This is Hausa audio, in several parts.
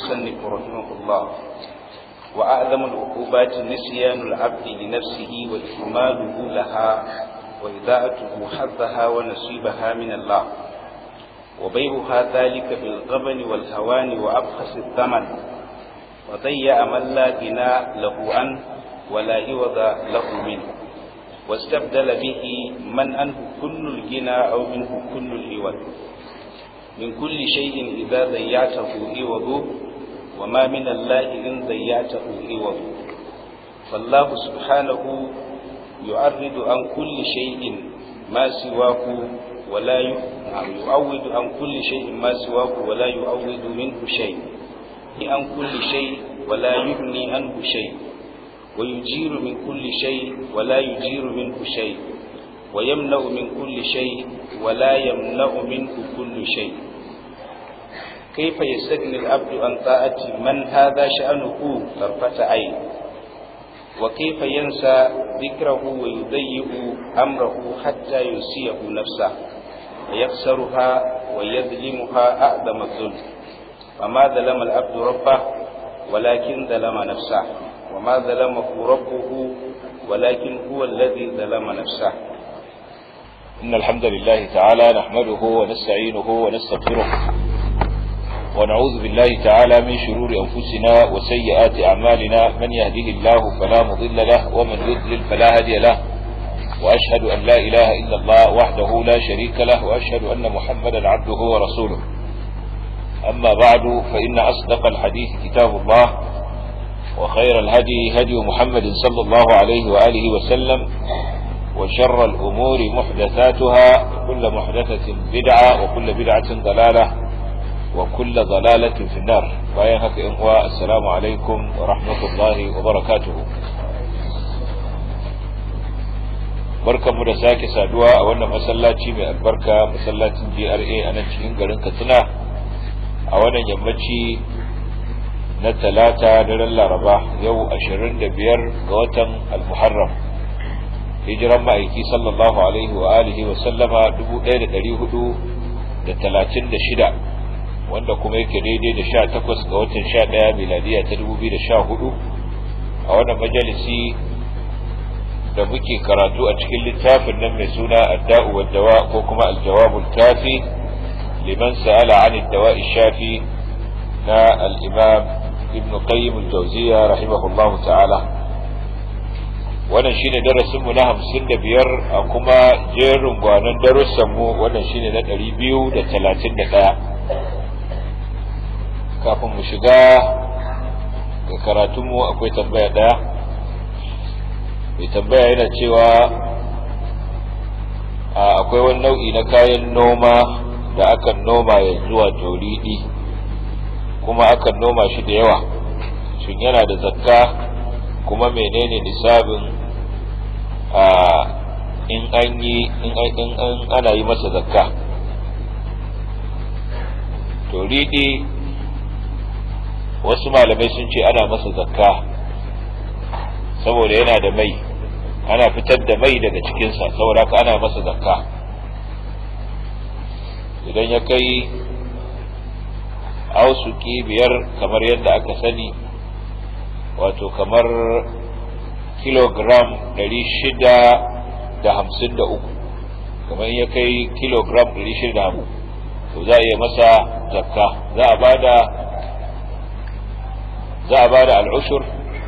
المصنف رحمه الله وأعظم العقوبات نسيان العبد لنفسه وإهماله لها وإذاعته حظها ونصيبها من الله وبيعها ذلك بالغبن والهوان وأبخس الثمن وضيع من لا غنى له عنه ولا عوض له منه واستبدل به من عنه كل الغنى أو منه كل العوض من كل شيء إذا ضيعته عوضه wa ma min Allah in zayyata uhiwa wallahu subhanahu yu'arridu an kulli shay'in ma siwahu wa la yu'awwidu an kulli shay'in ma siwahu wa la yu'awwidu minhu shay' an kulli shay' wa la yughni anhu shay' wa yujiru min kulli ويمنع من كل شيء ولا يمنع منه كل شيء كيف يستغني العبد عن طاعة من هذا شأنه طرفة عين وكيف ينسى ذكره ويضيء أمره حتى ينسيه نفسه ويخسرها ويظلمها أعظم الظلم فما ظلم العبد ربه ولكن ظلم نفسه وما ظلمه ربه ولكن هو الذي ظلم نفسه إن الحمد لله تعالى نحمده ونستعينه ونستغفره ونعوذ بالله تعالى من شرور أنفسنا وسيئات أعمالنا من يهده الله فلا مضل له ومن يضلل فلا هدي له وأشهد أن لا إله إلا الله وحده لا شريك له وأشهد أن محمدا عبده ورسوله أما بعد فإن أصدق الحديث كتاب الله وخير الهدي هدي محمد صلى الله عليه وآله وسلم وشر الأمور محدثاتها كل محدثة بدعة وكل بدعة ضلالة wa kulla zalalatin finnar bayan haka in uwa assalamu alaikum wa rahmatullahi wa barakatuhu barkanmu da sake saduwa a wannan masallaci mai albarka masallacin GRA a nan cikin garin Katsina a wannan yammaci na talata daren Laraba yau ashirin da biyar ga watan al hijiran ma'aiki sallallahu alaihi wa da talatin da shida. wanda kuma yake daidai da 18 ga watan 11 miladiya ta 2014 a wannan majalisi da muke karatu a cikin littafin nan mai suna adda'u wa dawa ko kuma aljawabul kafi liman sa'ala an dawa shafi na al-imam ibn qayyim al-jawziya rahimahullahu ta'ala wannan shine darasin mu na 55 a kuma jerin gwanan darussan mu wannan shine na 231 kafin mu shiga ga karatunmu akwai tambaya ɗaya mai tambaya yana cewa akwai wani nau'i na kayan noma da aka noma yanzu zuwa riɗi kuma aka noma shi da yawa shin yana da zakka kuma menene nisabin a in an yi in ana yi masa zakka to wasu malamai sun ce ana masa zakka saboda yana da mai ana fitar da mai daga cikinsa saboda haka ana masa zakka idan ya kai ausuki biyar kamar yadda aka sani wato kamar kilogram 653 kamar ya kai kilogram 650 to za a iya masa zakka za a bada za a ba da al'ushur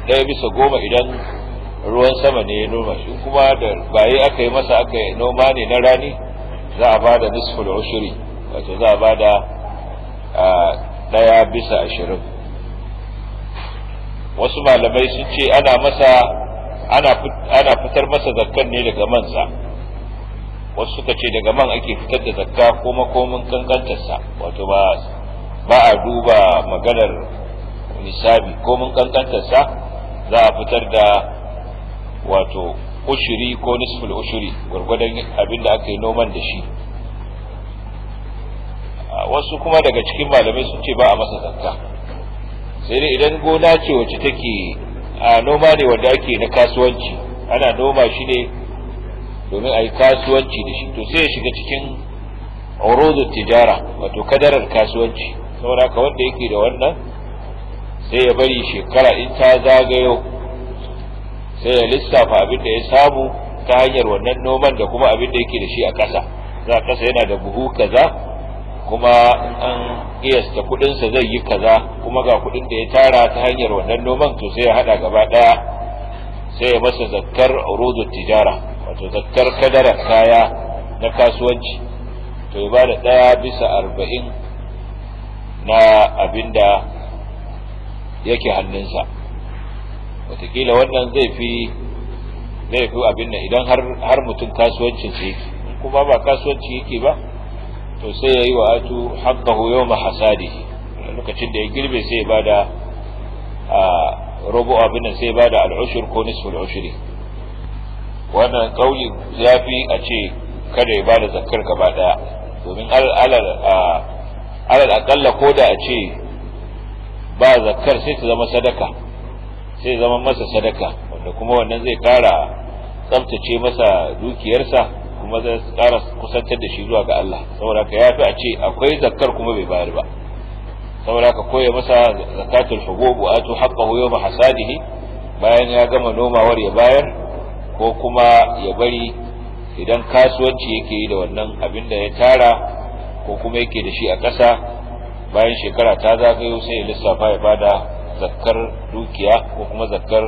ɗaya bisa goma idan ruwan sama ne ya noma shi kuma da baye aka yi masa aka yi noma ne na rani za a ba da nisful ushuri wato za a ba da ɗaya bisa ashirin wasu malamai sun ce ana masa ana fitar masa zakkan ne daga mansa wasu suka ce daga man ake fitar da zakka ko makomin kankantarsa wato ba a duba maganar nisabi ko mun kankantarsa za a fitar da wato ushiri ko nisful ushiri gwargwadon abin da aka yi noman da shi wasu kuma daga cikin malamai sun ce ba a masa zakka sai dai idan gona ce wacce take a noma ne wanda ake na kasuwanci ana noma shi ne domin a yi kasuwanci da shi to sai ya shiga cikin urudut tijara wato kadarar kasuwanci saboda haka wanda yake da wannan sai ya bari shekara in ta zagayo sai ya lissafa abin da ya samu ta hanyar wannan noman da kuma abin da yake da shi a ƙasa za a ƙasa yana da buhu kaza kuma an iyasta kudinsa zai yi kaza kuma ga kudin da ya tara ta hanyar wannan noman to sai ya haɗa gaba ɗaya sai ya masa zakkar rudu tijara wato zakkar kadara kaya na kasuwanci to ya ba da ɗaya bisa arba'in na abin da yake hannunsa watakila wannan zai fi zai fi abin nan idan har mutum kasuwancin kuma ba kasuwanci yake ba to sai ya wa atu haqqahu yawma hasadihi lokacin da ya girbe sai ba bada a rubu abin nan sai bada al'ushur ko nisfu ushri wannan kauli fi a ce kada ya bada zakkar gaba daya domin alal alal akalla koda a ce ba zakar sai ta zama sadaka sai zama masa sadaka wanda kuma wannan zai kara tsabtace masa dukiyarsa kuma zai kara kusantar da shi zuwa ga Allah saboda ka yafi a ce akwai zakar kuma bai bayar ba saboda ka koya masa zakatul hubub wa atu haqqahu yawma hasadihi bayan ya gama nomawar ya bayar ko kuma ya bari idan kasuwanci yake yi da wannan abin da ya tara ko kuma yake da shi a ƙasa bayan shekara ta zagayo sai ya lissafa ya bada zakkar dukiya ko kuma zakkar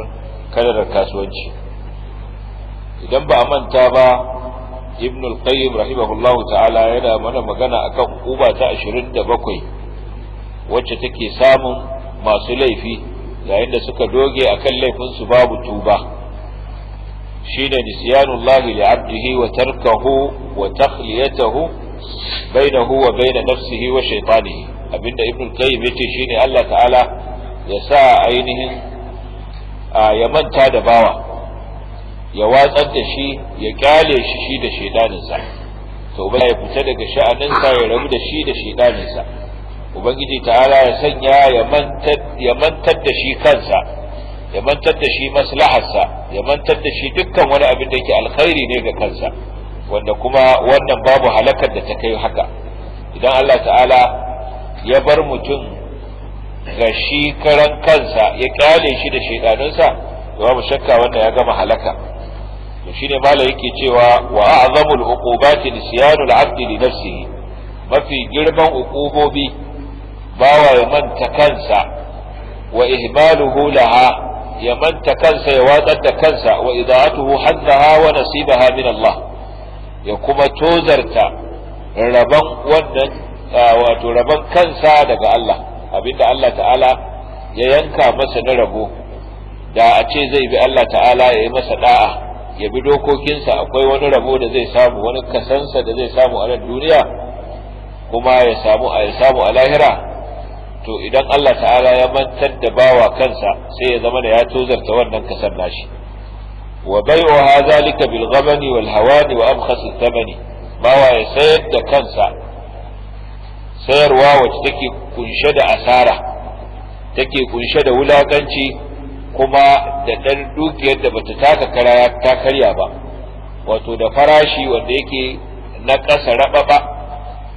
kadarar kasuwanci idan ba a manta ba ibn al-qayyim rahimahullahu ta'ala yana mana magana akan uba ta 27 wacce take samun masu laifi yayin da suka doge akan laifin su babu tuba shine nisyanullahi li'abdihi wa tarkahu wa takhliyatahu bainahu wa bain nafsihi wa shaytanihi abinda ibn qayyim yace shine Allah ta'ala ya sa ainihin ya manta da bawa ya watsar da shi ya kyale shi shi da shedaninsa to ba ya fita daga sa ya rabu da shi da shedaninsa ubangiji ta'ala ya sanya ya mantar da shi kansa ya mantar da shi maslaharsa ya mantar da shi dukkan wani abin da yake alkhairi ne ga kansa wanda kuma wannan babu halakar da ta kai haka idan Allah ta'ala ya bar mutum ga shi karan kansa ya kyale shi da shaidanunsa to babu shakka wanda ya gama halaka shi shine malai yake cewa wa a'zamul uqubati nisyanul 'abdi li nafsihi mafi girman uqubobi bawa ya manta kansa wa ihmaluhu laha ya manta kansa ya watsar da kansa wa idatuhu haddaha wa nasibaha min Allah ya kuma tozarta rabon wannan wato rabon kansa daga Allah abinda Allah ta'ala ya yanka masa na rabo da a ce zai bi Allah ta'ala ya yi masa da'a ya bi dokokinsa akwai wani rabo da zai samu wani kasansa da zai samu a nan duniya kuma ya samu a samu a lahira to idan Allah ta'ala ya mantar da bawa kansa sai ya zama da ya tozarta wannan kasan nashi wa bai'uha zalika bil ghamani wal hawani wa abkhas bawa ya sayar da kansa sayarwa wacce take kunshe da asara take kunshe da wulakanci kuma da ɗan dukiyar da bata taka kara ta karya ba wato da farashi wanda yake na ƙasa raɓaɓa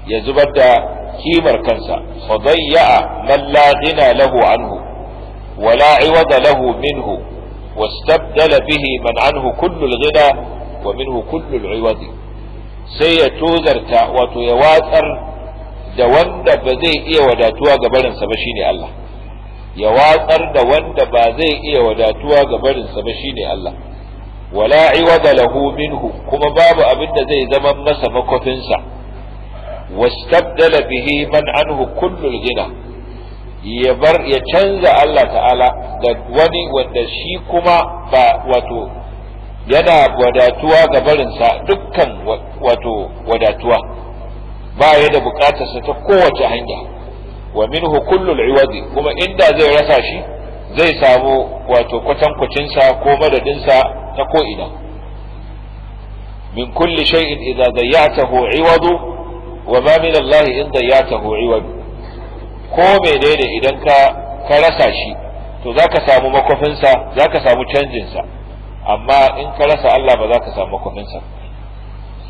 ya zubar da kimar kansa fadayya'a man la ghina lahu anhu wala iwada lahu minhu wastabdala bihi man anhu kullu al-ghina wa minhu kullu al-iwadi sai ya tozarta wato ya watsar da wanda ba zai iya wadatuwa ga barinsa ba shine Allah ya watsar da wanda ba zai iya wadatuwa ga barinsa ba shine Allah wala iwada lahu minhu kuma babu abin da zai zama masa makofinsa wastabdala bihi man anhu kullul gina ya bar ya canza Allah ta'ala da wani wanda shi kuma ba wato yana wadatuwa ga barinsa dukkan wato wadatuwa ba ya da bukatarsa ta kowace hanya wa minhu kullul iwadi kuma inda zai rasa shi zai samu wato kwatan kwatankwacinsa ko madadin sa ta ko ina min kulli shay'in idza dayyatahu iwadu wa ma min Allah in dayyatahu iwadu ko me ne da idan ka ka rasa shi to zaka samu makofin sa zaka samu canjin sa amma in ka rasa Allah ba za ka samu makofinsa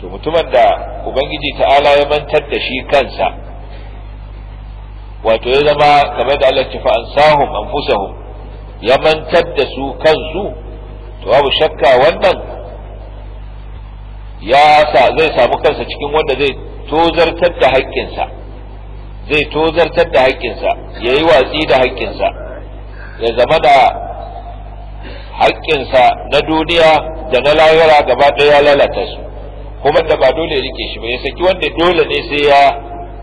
to mutumin da ubangiji ta'ala ya mantar da shi kansa wato ya zama game da Allah ce fa ansahum anfusahum ya mantar da su kansu to babu shakka wannan ya sa zai samu kansa cikin wanda zai tozartar da haƙƙinsa zai tozartar da haƙƙinsa ya yi watsi da haƙƙinsa ya zama da haƙƙinsa na duniya da na lahira gaba ɗaya lalata su kuma da ba dole rike shi ba ya saki wanda dole ne sai ya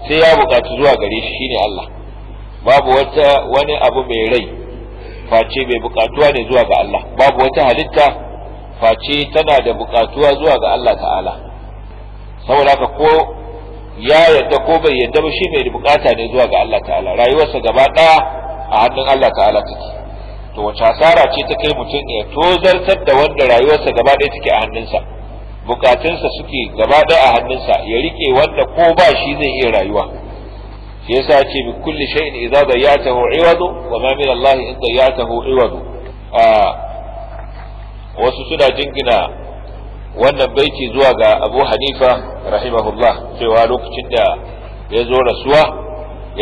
sai ya bukatu zuwa gare shi shine Allah babu wata wani abu mai rai face mai bukatuwa ne zuwa ga Allah babu wata halitta face tana da bukatuwa zuwa ga Allah ta'ala saboda ka ko ya yadda ko bai yadda ba shi mai bukata ne zuwa ga Allah ta'ala rayuwarsa gaba ɗaya a hannun Allah ta'ala take to wace asara ce ta kai mutum ya tozartar da wanda rayuwarsa gaba ɗaya take a hannunsa bukatunsa suke gaba ɗaya a hannunsa ya rike wanda ko ba shi zai iya rayuwa shi yasa ce bi kulli shay'in idza dayyatahu iwadu wa ma min Allah in dayyatahu iwadu a wasu suna jingina wannan baiti zuwa ga Abu Hanifa rahimahullah cewa lokacin da ya zo rasuwa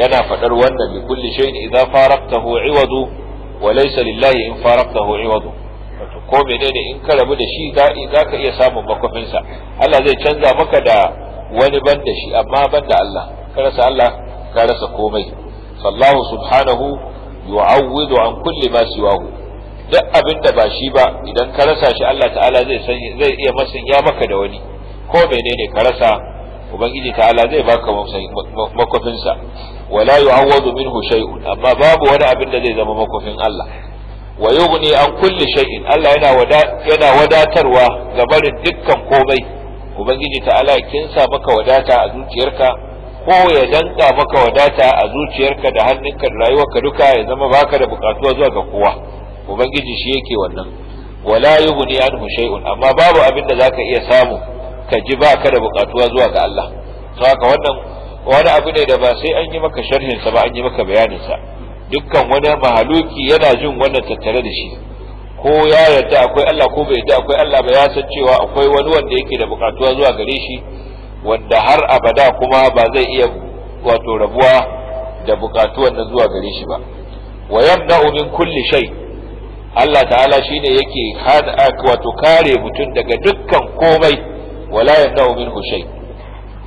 yana faɗar wannan bi kulli shay'in idza faraqtahu iwadu wa laysa lillahi in faraqtahu iwadu wato ko menene in ka rabu da shi za ka iya samun makwafinsa Allah zai canza maka da wani ban da shi amma ban da Allah ka rasa Allah ka rasa komai sallahu subhanahu yu'awwidu an kulli ma siwahu duk abin da ba shi ba idan ka rasa shi Allah ta'ala zai san zai iya masanya maka da wani ko menene ka rasa ubangiji ta'ala zai baka makwafinsa wala yu'awwadu minhu shay'un amma babu wani abin da zai zama makwafin Allah wa yughni an kulli shay'in Allah yana yana wadatarwa ga barin dukkan komai ubangiji ta'ala kin sa maka wadata a zuciyarka ko ya danka maka wadata a zuciyarka da hannunka da rayuwarka duka ya zama baka da bukatu zuwa ga kowa ubangiji shi yake wannan wala an anhu shay'un amma babu abin da zaka iya samu ka ji baka da bukatu zuwa ga Allah to haka wannan wani abu ne da ba sai an yi maka sharhin sa ba an yi maka bayanin sa dukkan wani mahaluki yana jin wannan tattare da shi ko ya yarda akwai Allah ko bai yarda akwai Allah ba ya san cewa akwai wani wanda yake da bukatuwa zuwa gare shi wanda har abada kuma ba zai iya wato rabuwa da bukatuwan na zuwa gare shi ba wa na'umin min kulli shay Allah ta'ala shine yake hada wato kare mutum daga dukkan komai wala na'umin min shay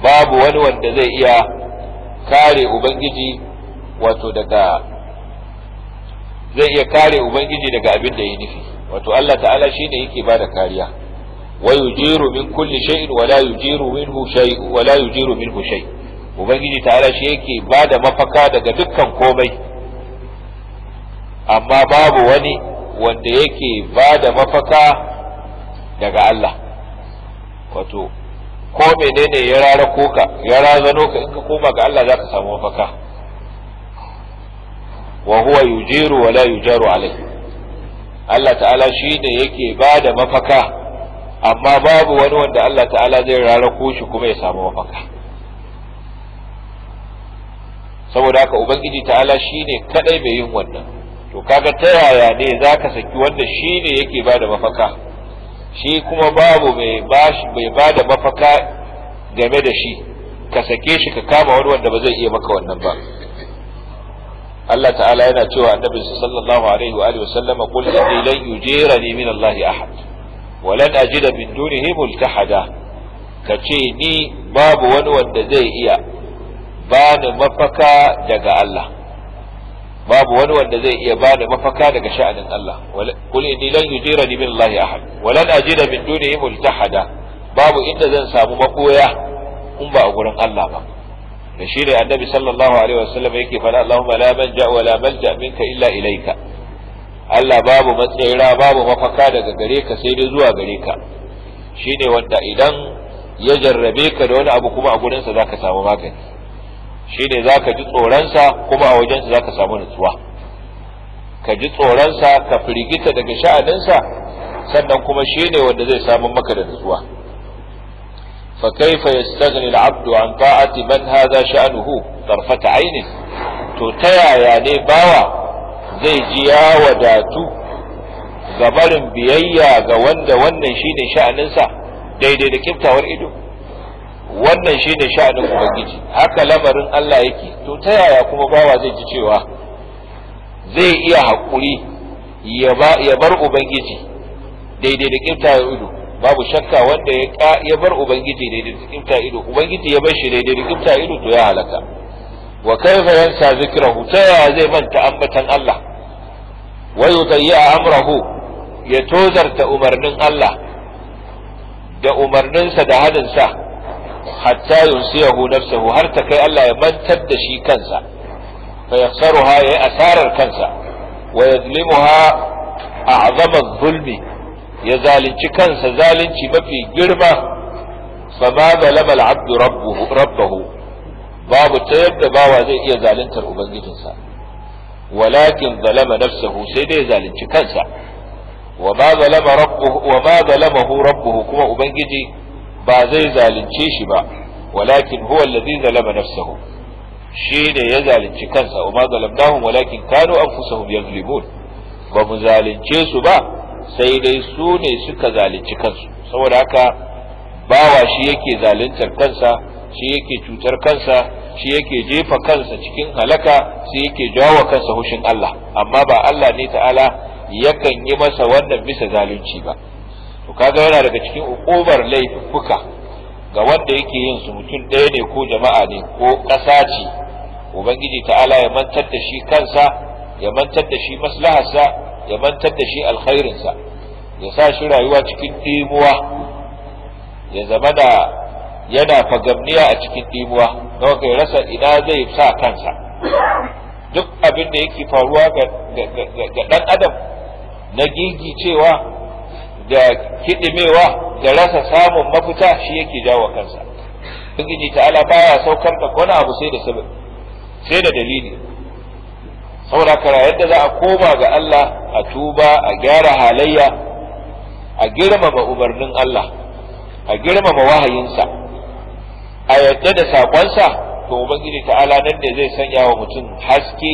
babu wani wanda zai iya kare ubangiji wato daga zai iya kare ubangiji daga abin da ya nufi wato Allah ta'ala shine yake bada kariya wa yujiru min kulli shay'in wa la yujiru minhu shay wa la yujiru minhu shay ubangiji ta'ala shi yake bada mafaka daga dukkan komai amma babu wani wanda yake bada mafaka daga Allah wato ko menene ya rara koka ya razano ka in ka koma ga Allah zaka samu mafaka wa huwa yujiru wa la yujaru alaihi Allah ta'ala shi ne yake ba da mafaka amma babu wani wanda Allah ta'ala zai rara shi kuma ya samu mafaka saboda haka ubangiji ta'ala shi ne kadai mai yin wannan to kaga ta yaya ne za ka saki wanda shi ne yake ba da mafaka shi kuma babu mai ba da mafaka game da shi ka sake shi ka kama wani wanda ba zai iya maka wannan ba Allah ta'ala yana cewa annabi sallallahu alaihi wa alihi wasallam qul inni lan yujirani min Allah min dunihi multahada kace ni babu wani wanda zai iya bani mafaka daga babu wani wanda zai iya bani mafaka daga sha'anin Allah qul inni lan yujirani min Allah ahad wa lan ajida min dunihi multahada babu inda zan samu makoya in ba a gurin Allah ba da shi ne annabi sallallahu alaihi wasallam yake faɗa Allahumma la manja wa la malja minka illa ilaika Allah babu matsayira babu mafaka daga gare ka sai dai zuwa gare ka shine wanda idan ya jarrabe ka da wani abu kuma a gurinsa zaka samu magani shine zaka ji tsoron kuma a wajensa zaka samu nutsuwa ka ji tsoronsa ka firgita daga sha'aninsa sannan kuma shine wanda zai samu maka da nutsuwa fa kaifa yastaghni al-'abdu an ta'ati man hadha sha'nuhu tarfata 'ainin to ta yaya ne bawa zai ji ya wadatu ga barin biyayya ga wanda wannan shine sha'aninsa daidai da kiftawar ido wannan shine sha'anin ubangiji haka lamarin Allah yake to ta yaya kuma bawa zai ji cewa zai iya haƙuri ya bar ubangiji daidai da kiftawar ido babu shakka wanda ya ya bar ubangiji ne da kimta ido ubangiji ya bar shi ne da kimta ido to ya halaka wa kaifa yansa zikrahu ta ya zai manta ambatan Allah wa yudayya amrahu ya tozarta umarnin Allah da umarninsa da sa hatta yunsiyahu nafsahu har ta kai Allah ya mantar da shi kansa fa yaksaruha ya asarar kansa wa yadlimuha a'zama zulmi ya zalunci kansa zalunci mafi girma fa ma zalama al-abdu rabbahu babu ta yadda bawa zai iya zaluntar ubangijinsa walakin zalama nafsahu sai dai zalunci kansa wa ma zalama rabbuhu wa kuma ubangiji ba zai zalunce shi ba walakin huwa alladhi zalama nafsahu shi ne ya zalunci kansa wa ma zalamnahum walakin kanu anfusahum yazlimun ba mu zalunce su ba sai dai su ne suka zalunci kansu saboda haka bawa shi yake zaluntar kansa shi yake cutar kansa shi yake jefa kansa cikin halaka shi yake jawo kansa hushin Allah amma ba Allah ne ta'ala yakan yi masa wannan bisa zalunci ba to kaga yana daga cikin ukubar laifuka ga wanda yake yin su mutum ɗaya ne ko jama'a ne ko ƙasa ce ubangiji ta'ala ya mantar da shi kansa ya mantar da shi maslaharsa ya mantar da shi alkhairinsa ya sa shi rayuwa cikin ɗimuwa ya zama da yana fagamniya a cikin ɗimuwa don kai rasa ina zai sa kansa duk abin da yake faruwa ga ɗan adam na gigicewa da kiɗimewa da rasa samun mafita shi yake jawo kansa ubangiji ta'ala baya saukar da wani abu sai da sabab sai da dalili saboda kara yadda za a koma ga Allah a tuba a gyara halayya a girmama umarnin Allah a girmama wahayinsa a yadda da sakonsa to ubangiji ta'ala nan ne zai sanya wa mutum haske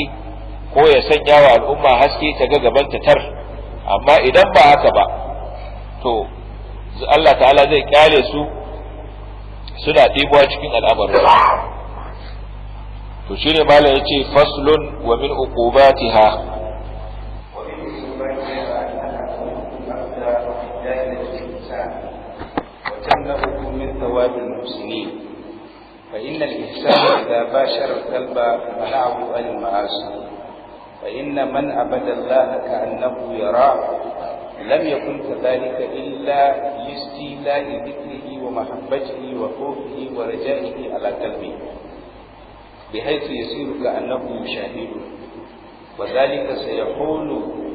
ko ya sanya wa al'umma haske ta ga gaban ta tar amma idan ba haka ba to Allah ta'ala zai kyale su suna ɗibuwa cikin al'amarin to shine mala yace faslun wa min uqubatiha وتمنعه من ثواب المحسنين فإن الإحسان إذا باشر القلب منعه عن المعاصي فإن من عبد الله كأنه يراه لم يكن كذلك إلا لاستيلاء ذكره ومحبته وخوفه ورجائه على قلبه بحيث يصير كأنه يشاهده وذلك سيحول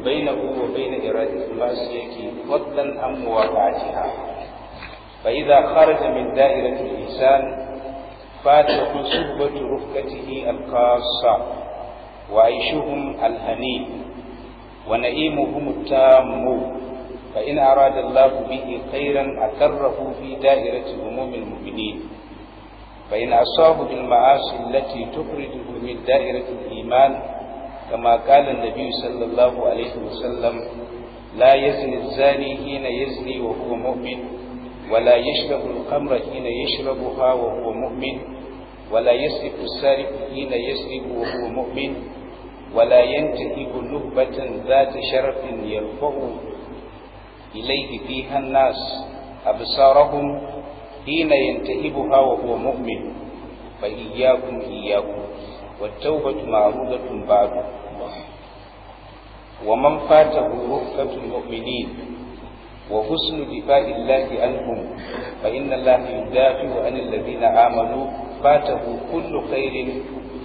بينه وبين إرادة المعصية فضلا عن مواقعتها فإذا خرج من دائرة الإنسان فاته صحبة رفقته الخاصة وعيشهم الهني ونعيمهم التام فإن أراد الله به خيرا أكره في دائرة هموم المؤمنين فإن أصاب بالمعاصي التي تخرجه من دائرة الإيمان كما قال النبي صلى الله عليه وسلم لا يزني الزاني حين يزني وهو مؤمن ولا يشرب الخمر حين يشربها وهو مؤمن ولا يسرق السارق حين يسرق وهو مؤمن ولا ينتهب نهبة ذات شرف يرفع إليه فيها الناس أبصارهم حين ينتهبها وهو مؤمن فإياكم إياكم والتوبة معروضة بعد ومن فاته رؤفة المؤمنين وحسن دفاع الله عنهم فإن الله يدافع عن الذين آمنوا فاته كل خير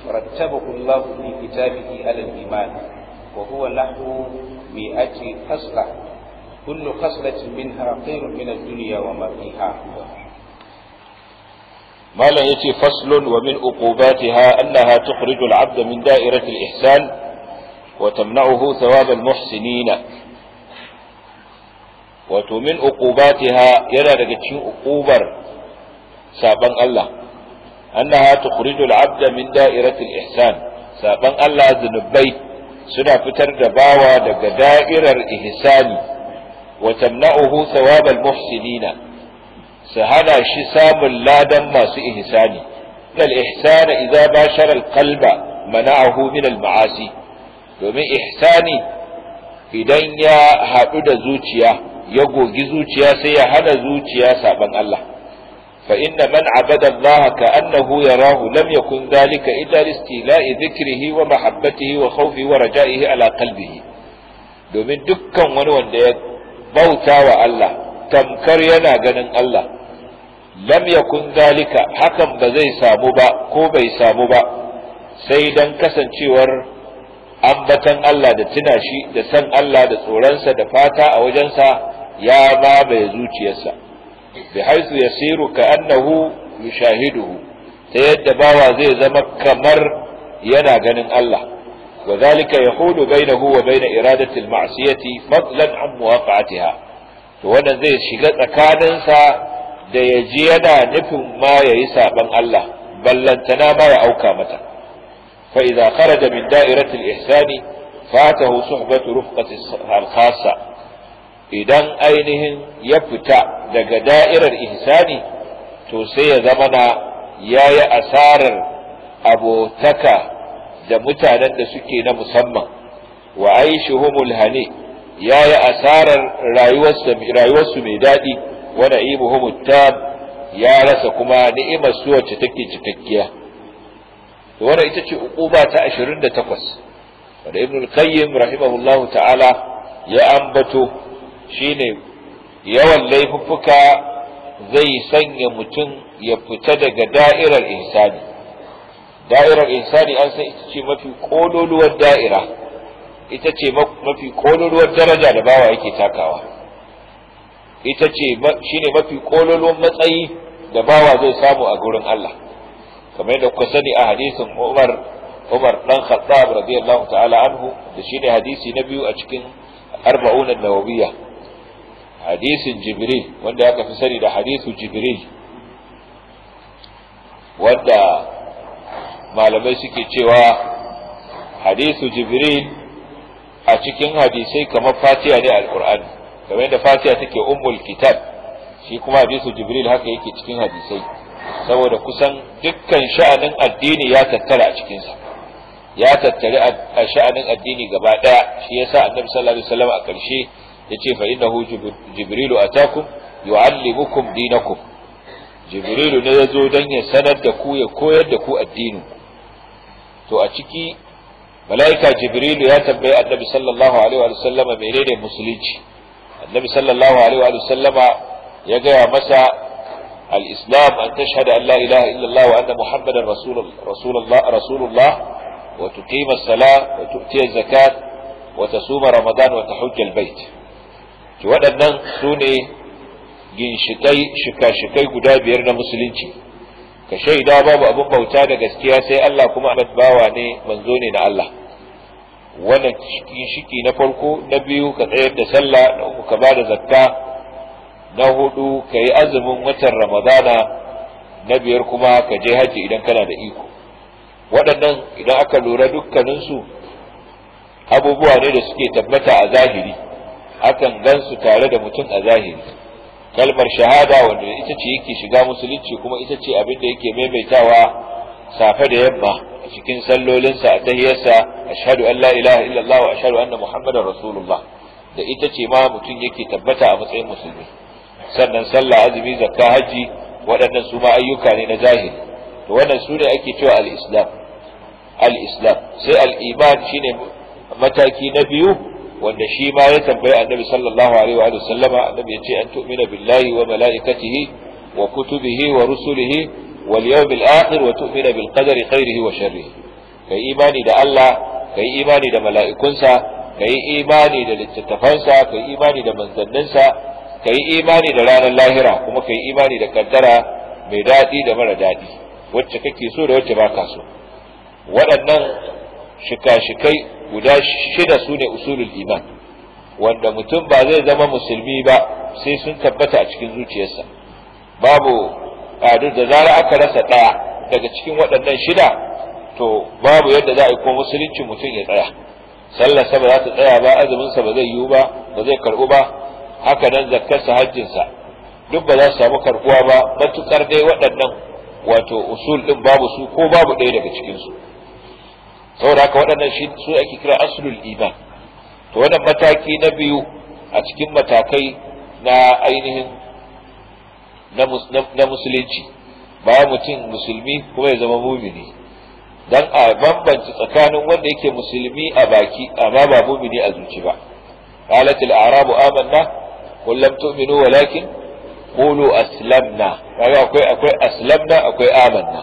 رتبه الله في كتابه على الإيمان وهو نحو مئة خصلة كل خصلة منها خير من الدنيا وما فيها malam ya ce faslun wa min uqubatiha annaha tukhriju al-'abda min da'irati al-ihsan wa tamna'uhu thawab al-muhsinin wato min uqubatiha yana daga cikin uqubar saban Allah annaha tukhriju al-'abda min da'irati al-ihsan saban Allah zunubai suna fitar da bawa daga da'irar ihsani wa tamna'uhu thawab al-muhsinina su hana shi samun ladan masu ihsani dal ihsana idza bashara al kalba mana'ahu min ma'asi domin ihsani idan ya haɗu da zuciya ya gogi zuciya sai ya hana zuciya saban Allah fa inna man abada Allah ka annahu yarahu lam yakun dhalika illa listila'i dhikrihi wa mahabbatihi wa khawfihi wa raja'ihi ala qalbihi domin dukkan wani wanda ya bauta wa Allah tamkar yana ganin Allah lam yakun zalika hakan ba zai samu ba ko bai samu ba sai dan kasancewar ambatan Allah da tuna shi da san Allah da tsoronsa da fata a wajensa ya mamaye zuciyarsa bi haisu yasiru ka annahu yushahiduhu ta yadda bawa zai zama kamar yana ganin Allah wa zalika yahulu bainahu wa baina iradati al-ma'siyati fadlan an muwaqatiha to wannan zai shiga tsakaninsa da ya ji yana nufin ma ya yi saɓan Allah ballantana ma ya auka mata fa idza da min da'irati ihsani fata suhbatu rufqati al-khassa idan ainihin ya fita daga da'irar ihsani to sai ya zama na yayi asarar abotaka da mutanen da suke na musamman wa aishuhumul hani yayi asarar rayuwarsu mai daɗi wa na'imuhum at ya rasa kuma ni'imar su wacce take cikakkiya to wannan ita ce uquba ta 28 wanda ibn qayyim rahimahullahu ta'ala ya ambato shine yawan laifuffuka zai sanya mutum ya fita daga da'irar insani da'irar insani an san ita ce mafi kololuwar da'ira ita ce mafi kololuwar daraja da bawa yake takawa ita ce shine mafi kololon matsayi da bawa zai samu a gurin Allah kamar yadda kuka sani a hadisin Umar Umar dan Khattab radiyallahu ta'ala anhu da shine hadisi na biyu a cikin arba'un an hadisin Jibril wanda aka fi sani da hadisu Jibril wanda malamai suke cewa hadisu Jibril a cikin hadisai kamar fatiha ne al-Qur'ani kamar yadda fatiha take umul kitab shi kuma hadisu jibril haka yake cikin hadisai saboda kusan dukkan sha'anin addini ya tattara a cikinsa ya tattari a sha'anin addini gaba daya shi yasa annabi sallallahu alaihi wasallam a karshe yace fa innahu jibrilu atakum yu'allimukum dinakum jibrilu ne yazo dan ya sanar da ku ya koyar da ku addini to a ciki mala'ika jibrilu ya tambayi annabi sallallahu alaihi wasallam menene musulunci annabi sallallahu alaihi wa sallama ya gaya masa Al'islam an tashhadu an la ilaha illallah wa anna muhammadar rasulullah rasulullah wa tuqima as-salah wa tu'ti az-zakat wa tasuma ramadan wa tahujja bait ki waɗannan su ne guda biyar na musulunci ka shaida babu abin bauta da gaskiya sai Allah kuma bawa ne manzo ne na Allah wannan shiki na farko na biyu ka tsayar da sallah na uku ka bada zakka na hudu ka yi azumin watan ramadana na biyar kuma ka je haji idan kana da iko waɗannan idan aka lura dukkaninsu abubuwa ne da suke tabbata a zahiri akan gan su tare da mutum a zahiri kalmar shahada wanda ita ce yake shiga musulunci kuma ita ce abin da yake maimaitawa safe da yamma a cikin sallolinsa a tahiyarsa ashhadu an la ilaha illallah wa ashhadu anna muhammadar rasulullah da ita ce ma mutum yake tabbata a matsayin musulmi sannan sallah azumi zakka hajji, waɗannan su ma ayyuka ne na zahiri to wannan su ne ake cewa al-islam al-islam sai al-iman shine mataki na biyu wanda shi ma ya tambayi annabi sallallahu alaihi wa sallama annabi ya ce an tu'mina billahi wa mala'ikatihi wa kutubihi wa rusulihi wal yawmil akhir wa tu'mina bil qadari khairihi wa sharrihi kai imani da Allah kai imani da mala'ikunsa kai imani da littattafansa kai imani da manzanninsa kai imani da ranar lahira kuma kai imani da kaddara mai daɗi da mara daɗi wacce kake so da wacce baka so waɗannan shika-shikai guda shida sune ne usulul iman wanda mutum ba zai zama musulmi ba sai sun tabbata a cikin zuciyarsa babu duk da zara aka rasa ɗaya daga cikin waɗannan shida to babu yadda za a yi ko musulunci mutum ya tsaya sallarsa ba za ta tsaya ba azuminsa ba zai yiwu ba ba zai karɓu ba haka nan zakkarsa hajjinsa duk ba za su samu karɓuwa ba matuƙar dai waɗannan wato usul ɗin babu su ko babu ɗaya daga cikinsu saboda haka waɗannan shi su ake kira aslul iman to wannan mataki na biyu a cikin matakai na ainihin na musulunci ba mutum musulmi kuma ya zama mumini Don a bambanci tsakanin wanda yake musulmi a baki amma ba mumini a zuci ba qalat al arabu amanna qul lam tu'minu walakin qulu aslamna kaga akwai akwai aslamna akwai amanna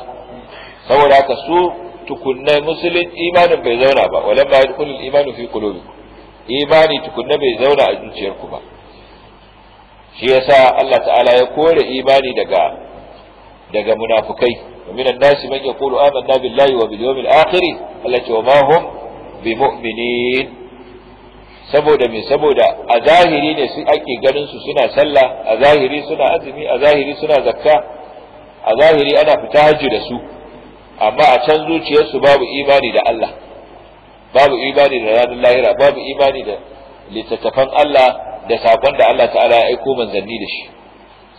saboda haka su tukunna musulmin imanin bai zauna ba walamma yadkhulul imanu fi qulubikum imani tukunna bai zauna a zuciyarku ba shi yasa Allah ta'ala ya kore imani daga daga munafukai min an-nasi man yaqulu amanna billahi wa bil yawmil akhir allati wa ma hum bimu'minin saboda me saboda a zahiri ne su ake ganin su suna sallah a zahiri suna azumi a zahiri suna zakka a zahiri ana fita haji da su amma a can zuciyarsu babu imani da Allah babu imani da ranar lahira babu imani da littattafan Allah da sakon da Allah ta'ala ya aiko manzanni da shi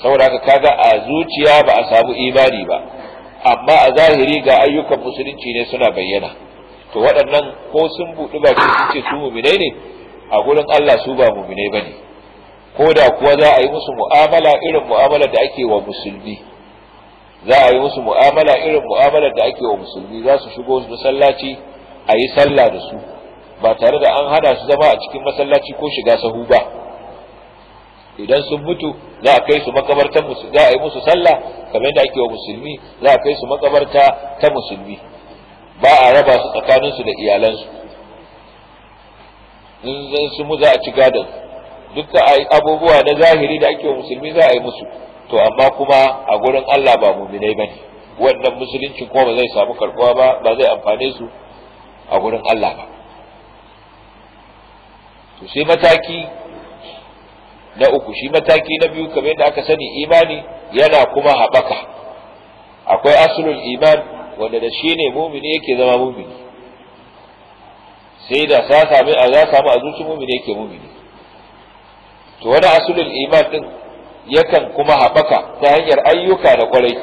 saboda haka kaga a zuciya ba a samu imani ba amma a zahiri ga ayyukan musulunci ne suna bayyana to waɗannan ko sun buɗi ba sun ce su mumine ne a gurin Allah su ba ba bane ko da kuwa za a yi musu mu'amala irin mu'amalar da ake wa musulmi za a yi musu mu'amala irin mu'amalar da ake wa musulmi za su shigo su masallaci a yi sallah da su ba tare da an hada su zama a cikin masallaci ko shiga sahu ba idan sun mutu za a kai su makabarta za a yi musu sallah kamar yadda ake wa musulmi za a kai su makabarta ta musulmi ba a raba su tsakanin su da iyalansu in zan su mu za a ci gadon dukkan abubuwa na zahiri da ake wa musulmi za a yi musu to amma kuma a gurin Allah ba muminai bane wannan musulunci kuma ba zai samu karbuwa ba ba zai amfane su a gurin Allah ba to sai mataki na uku shi mataki na biyu kamar yadda aka sani imani yana kuma haɓaka akwai asulul iman wanda da shi ne mumini yake zama mumini sai da sa sami a za samu a zuci mumini yake mumini to wani asulul iman din yakan kuma haɓaka ta hanyar ayyuka da kwarai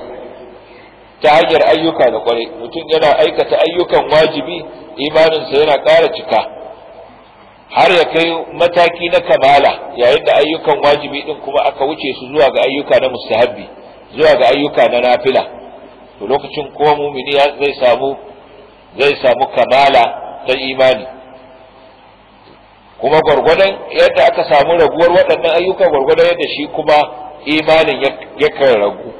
ta hanyar ayyuka da kwarai mutum yana aikata ayyukan wajibi imaninsa yana ƙara cika har ya kai mataki na kamala yayin da ayyukan wajibi din kuma aka wuce su zuwa ga ayyuka na mustahabbi zuwa ga ayyuka na nafila to lokacin kuma mumini zai samu zai samu kamala ta imani kuma gwargwadon yadda aka samu raguwar waɗannan ayyukan gwargwadon yadda shi kuma imanin yakan ragu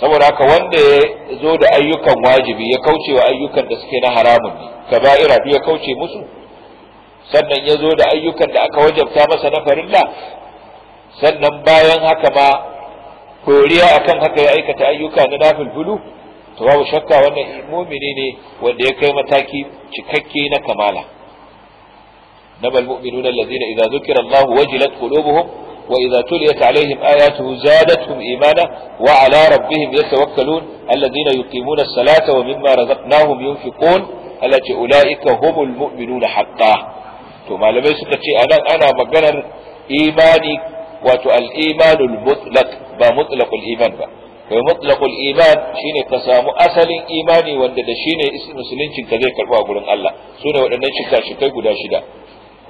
saboda haka wanda ya zo da ayyukan wajibi ya kauce wa ayyukan da suke na haramun ne kaba'ira duk ya kauce musu sannan ya zo da ayyukan da aka wajabta masa na farilla sannan bayan haka ma koriya akan haka ya aikata ayyuka na nafilfulu to babu shakka wannan mumini ne wanda ya kai mataki cikakke na kamala nabal mu'minun allazina idza zukira allah wajilat qulubuhum wa idza tuliyat alaihim ayatuhu zadatuhum imana wa ala rabbihim yatawakkalun allazina yuqimuna as-salata wa mimma razaqnahum yunfiqun alati ulaika humul mu'minuna haqqan to malamai suka ce anan ana maganar imani wato al mutlak ba mutlaqul iman ba kai mutlaqul iman shine ka samu asalin imani wanda da shine musuluncin ka zai karba gurin Allah ne waɗannan shika kai guda shida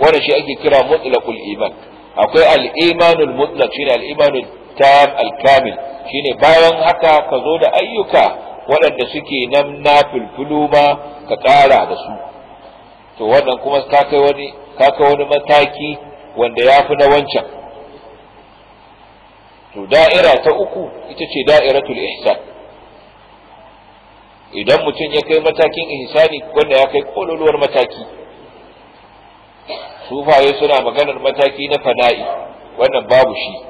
wanda shi ake kira mutlaqul iman akwai al mutlak mutlaq shine al tam al-kamil shine bayan haka ka zo da ayyuka waɗanda suke nan na fulfulu ma ka ƙara da su to wannan kuma ta kai wani kaka wani mataki wanda ya fi na wancan to da'ira ta uku ita ce da'iratul ihsan idan mutum ya kai matakin ihsani wanda ya kai kololuwar mataki sufaye suna maganar mataki na fana'i wannan babu shi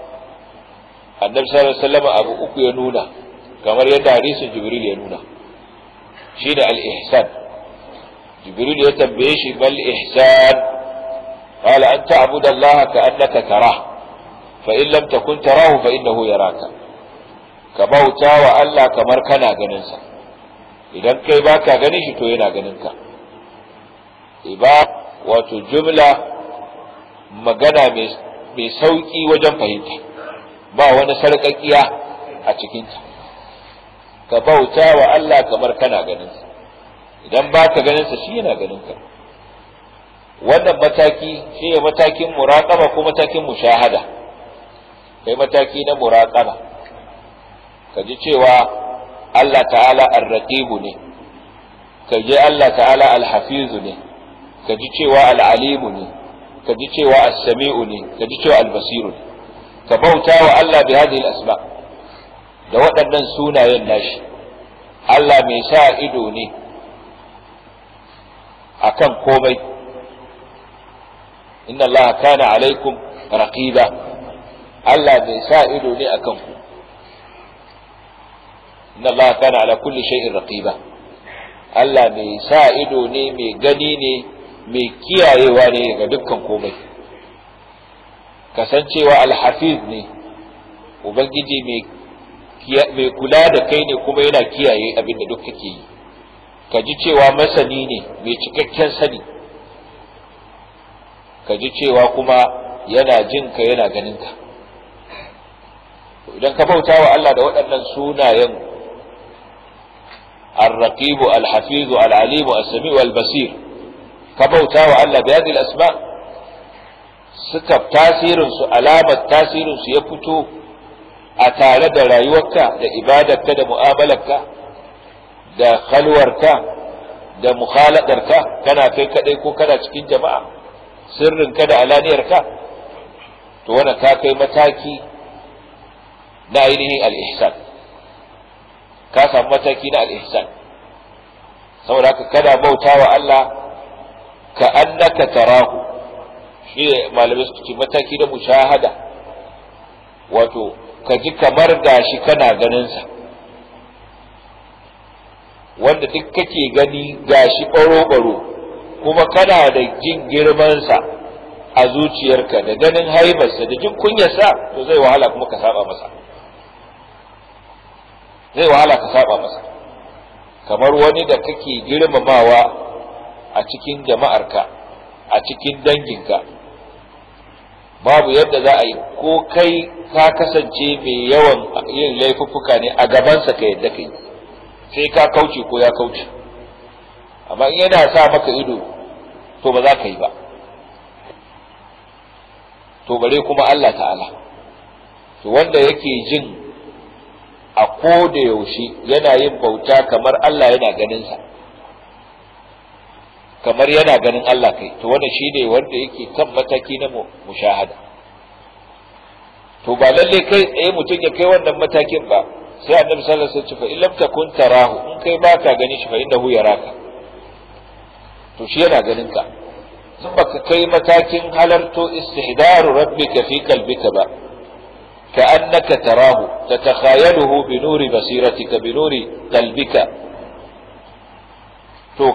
annabi sallallahu alaihi wasallam abu uku ya nuna kamar yadda hadisin jibril ya nuna shi da al-ihsan jibril ya tambaye shi bal ihsan قال أن تعبد الله كأنك تراه فإن لم تكن تراه فإنه يراك كبوتا وألا كمر جننسا إذا كي باكا توينا جننكا إبا وتجملة مجانا mai sauƙi wajen fahimta ba wani sarƙaƙiya a cikinta ka bauta wa Allah kamar kana ganinsa idan ba ka shi yana wannan mataki shi ne matakin muraƙaba ko matakin mushahada kai mataki na muraƙaba ka ji cewa Allah ta'ala arraqibu ne ka ji Allah ta'ala alhafizu ne ka ji cewa al'alimu ne ka ji cewa as-sami'u ne ka ji cewa al-basiru ne ka bauta wa Allah bi hadhihi al-asma da waɗannan sunayen nashi Allah mai sa ido ne akan komai inna allaha kana alaikum raqiba Allah bai sa ido ne akan ku inna allaha kana ala kulli shay'in raqiba Allah mai sa ido ne mai gani ne mai kiyayewa ne daga dukkan komai kasancewa alhafiz ne ubangiji mai kula da kai ne kuma yana kiyaye abin da duk kake yi ka ji cewa masani ne mai cikakken sani ka ji cewa kuma yana jin ka yana ganin ka idan ka bauta wa Allah da waɗannan sunayen الرقيب الحفيظ العليم السميع البصير كبوتا وعلا بهذه الأسماء سكب تاثير tasirinsu ya fito a tare da rayuwarka da ibadarka da mu'amalarka da halwarka da mukhaladarka kana kai kaɗai ko kana cikin jama'a sirrinka da alaniyarka to wannan ta kai mataki na ainihin al'ihsan ka samu mataki na al'ihsan saboda ka kana bauta wa Allah ka annaka tarahu shi ne malamai su ce mataki na mushahada wato ka ji kamar gashi kana ganinsa wanda duk kake gani gashi baro-baro. kuma kana da jin girmansa a zuciyarka da ganin haibarsa da jin kunyarsa to zai wahala kuma ka saba masa zai wahala ka saba masa kamar wani da kake girmamawa a cikin jama'arka a cikin danginka babu yadda za a yi ko kai ka kasance mai yawan yin laifuffuka ne a gabansa ka yadda ka yi sai ka kauce ko ya kauce amma in yana sa maka ido to ba za ka yi ba to bare kuma Allah ta'ala to wanda yake jin a ko da yaushe yana yin bauta kamar Allah yana ganinsa kamar yana ganin Allah kai to shi ne wanda yake kan mataki na mushahada to ba lalle kai tsaye mutum ya kai wannan matakin ba sai annabi sallallahu alaihi wasallam fa illam takun tarahu in kai baka gani shi fa hu yaraka to shi yana ganin ka in baka kai matakin halarto istihdaru rabbika fi kalbika ba ka annaka tarahu tatakhayaluhu bi nuri basiratika bi nuri kalbika to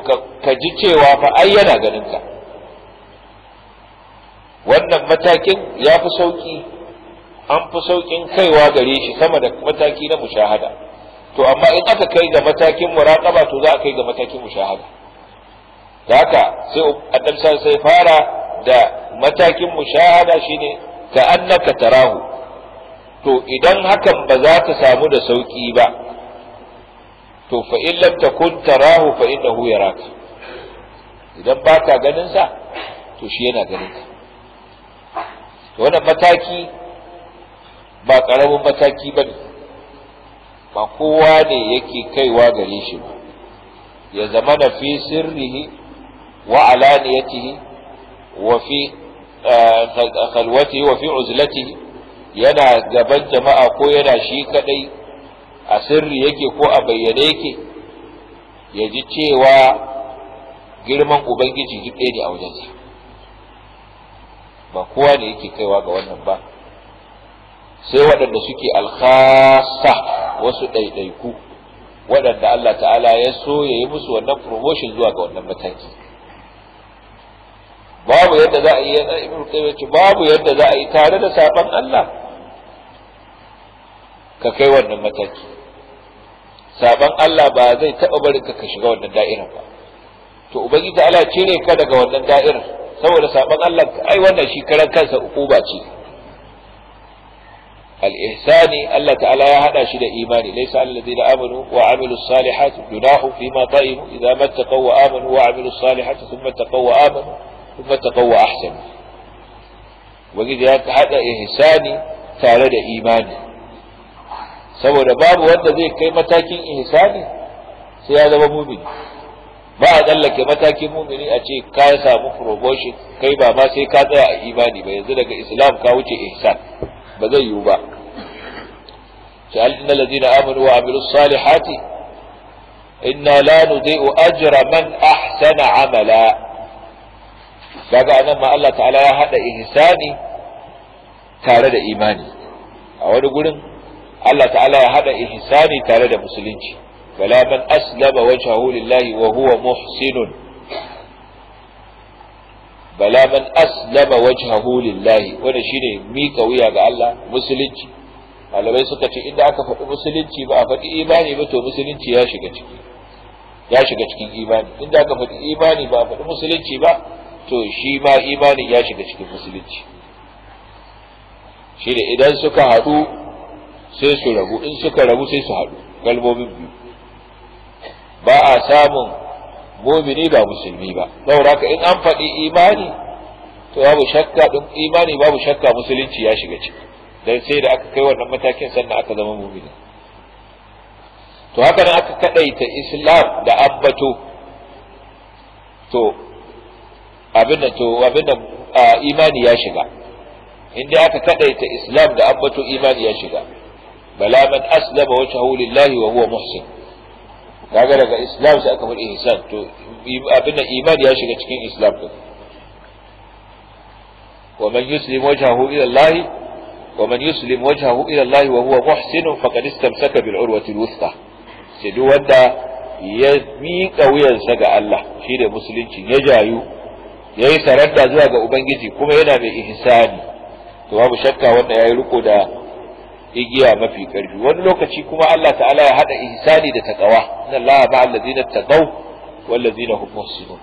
ka ji cewa fa ai yana ganin ka wannan matakin ya fi sauki an fi saukin kaiwa gare shi sama da mataki na mushahada to amma in aka kai ga matakin muraqaba to za a kai ga matakin mushahada da haka sai annabi sai fara da matakin mushahada shine ka annaka tarahu to idan hakan ba za ta samu da sauki ba to fa in lam takun tarahu fa innahu yaraka idan baka ganin sa to shi yana ganin ka wannan mataki ba karamin mataki bane ba kowa ne yake kaiwa gare shi ba ya zama na fi sirrihi wa alaniyatihi wa fi eh, khalwatihi wa fi uzlatihi yana gaban jama'a ko yana shi kadai a sirri yake ko a bayyane yake ya cewa girman ubangiji duk ɗaya ne a wajen sa ba kowa ne yake kaiwa ga wannan ba sai waɗanda suke alkhasa wasu ɗaiɗaiku waɗanda Allah ta'ala ya so ya yi musu wannan promotion zuwa ga wannan mataki babu yadda za a yi yana ibn ce babu yadda za a yi tare da saban Allah ka kai wannan mataki saban Allah ba zai taɓa barin ka ka shiga wannan da'irar ba to ubangiji Allah cire ka daga wannan da'irar saboda saban Allah ai wannan shi karan kansa ukuba ce al-ihsani Allah ta'ala ya hada shi da imani laysa alladhina amanu wa amilus salihati junahu fima ta'imu idza mattaqaw wa amanu wa amilus salihati thumma taqaw wa amanu kuma taqawwa ahsanu wani da ya hada ihsani tare da imani saboda babu wanda zai kai matakin ihsani sai ya zama mumini ba a tsallake matakin mumini a ce ka samu promotion kai ba ma sai ka tsaya a imani ba yanzu daga islam ka wuce ihsan ba zai yiwu ba ce alina lazina amanu wa amilu salihati inna la u ajra man ahsana amala kaga anan ma Allah ta'ala ya hada ihsani tare da imani a wani gurin Allah ta'ala ya hada ihsani tare da musulunci bala man aslama wajhahu lillahi wa huwa muhsinun bala man aslama wajhahu lillahi wanda shine mika wuya ga Allah musulunci malamai suka ce inda aka faɗi musulunci ba a faɗi imani ba to musulunci ya shiga ciki ya shiga cikin imani inda aka faɗi imani ba a faɗi musulunci ba to shi ma imanin ya shiga cikin musulunci shi idan suka haɗu sai su rabu in suka rabu sai su haɗu kalmomin biyu ba a samun mumini ba musulmi ba saboda haka in an faɗi imani to babu shakka ɗin imani babu shakka musulunci ya shiga ciki dan sai da aka kai wannan matakin sannan aka zama mumini to haka nan aka kadaita islam da abbato to abin da to abin da imani ya shiga in dai aka kadaita islam da ambato imani ya shiga bala man aslama wajhahu lillahi wa huwa muhsin kaga daga islam sai aka faɗi ihsan to abin da imani ya shiga cikin islam din wa man yuslim wajhahu ila allahi wa man yuslim wajhahu ila allahi wa huwa muhsin faqad istamsaka bil urwati al sai duk wanda ya miƙa wuyansa ga Allah shi da musulunci ya jayu yayi saranda zuwa ga ubangiji kuma yana mai ihsani to babu shakka wanda yayi riko da igiya mafi karfi wani lokaci kuma Allah ta'ala ya haɗa ihsani da taƙawa. inna Allah ma'al ladina taqaw wal hum muhsinun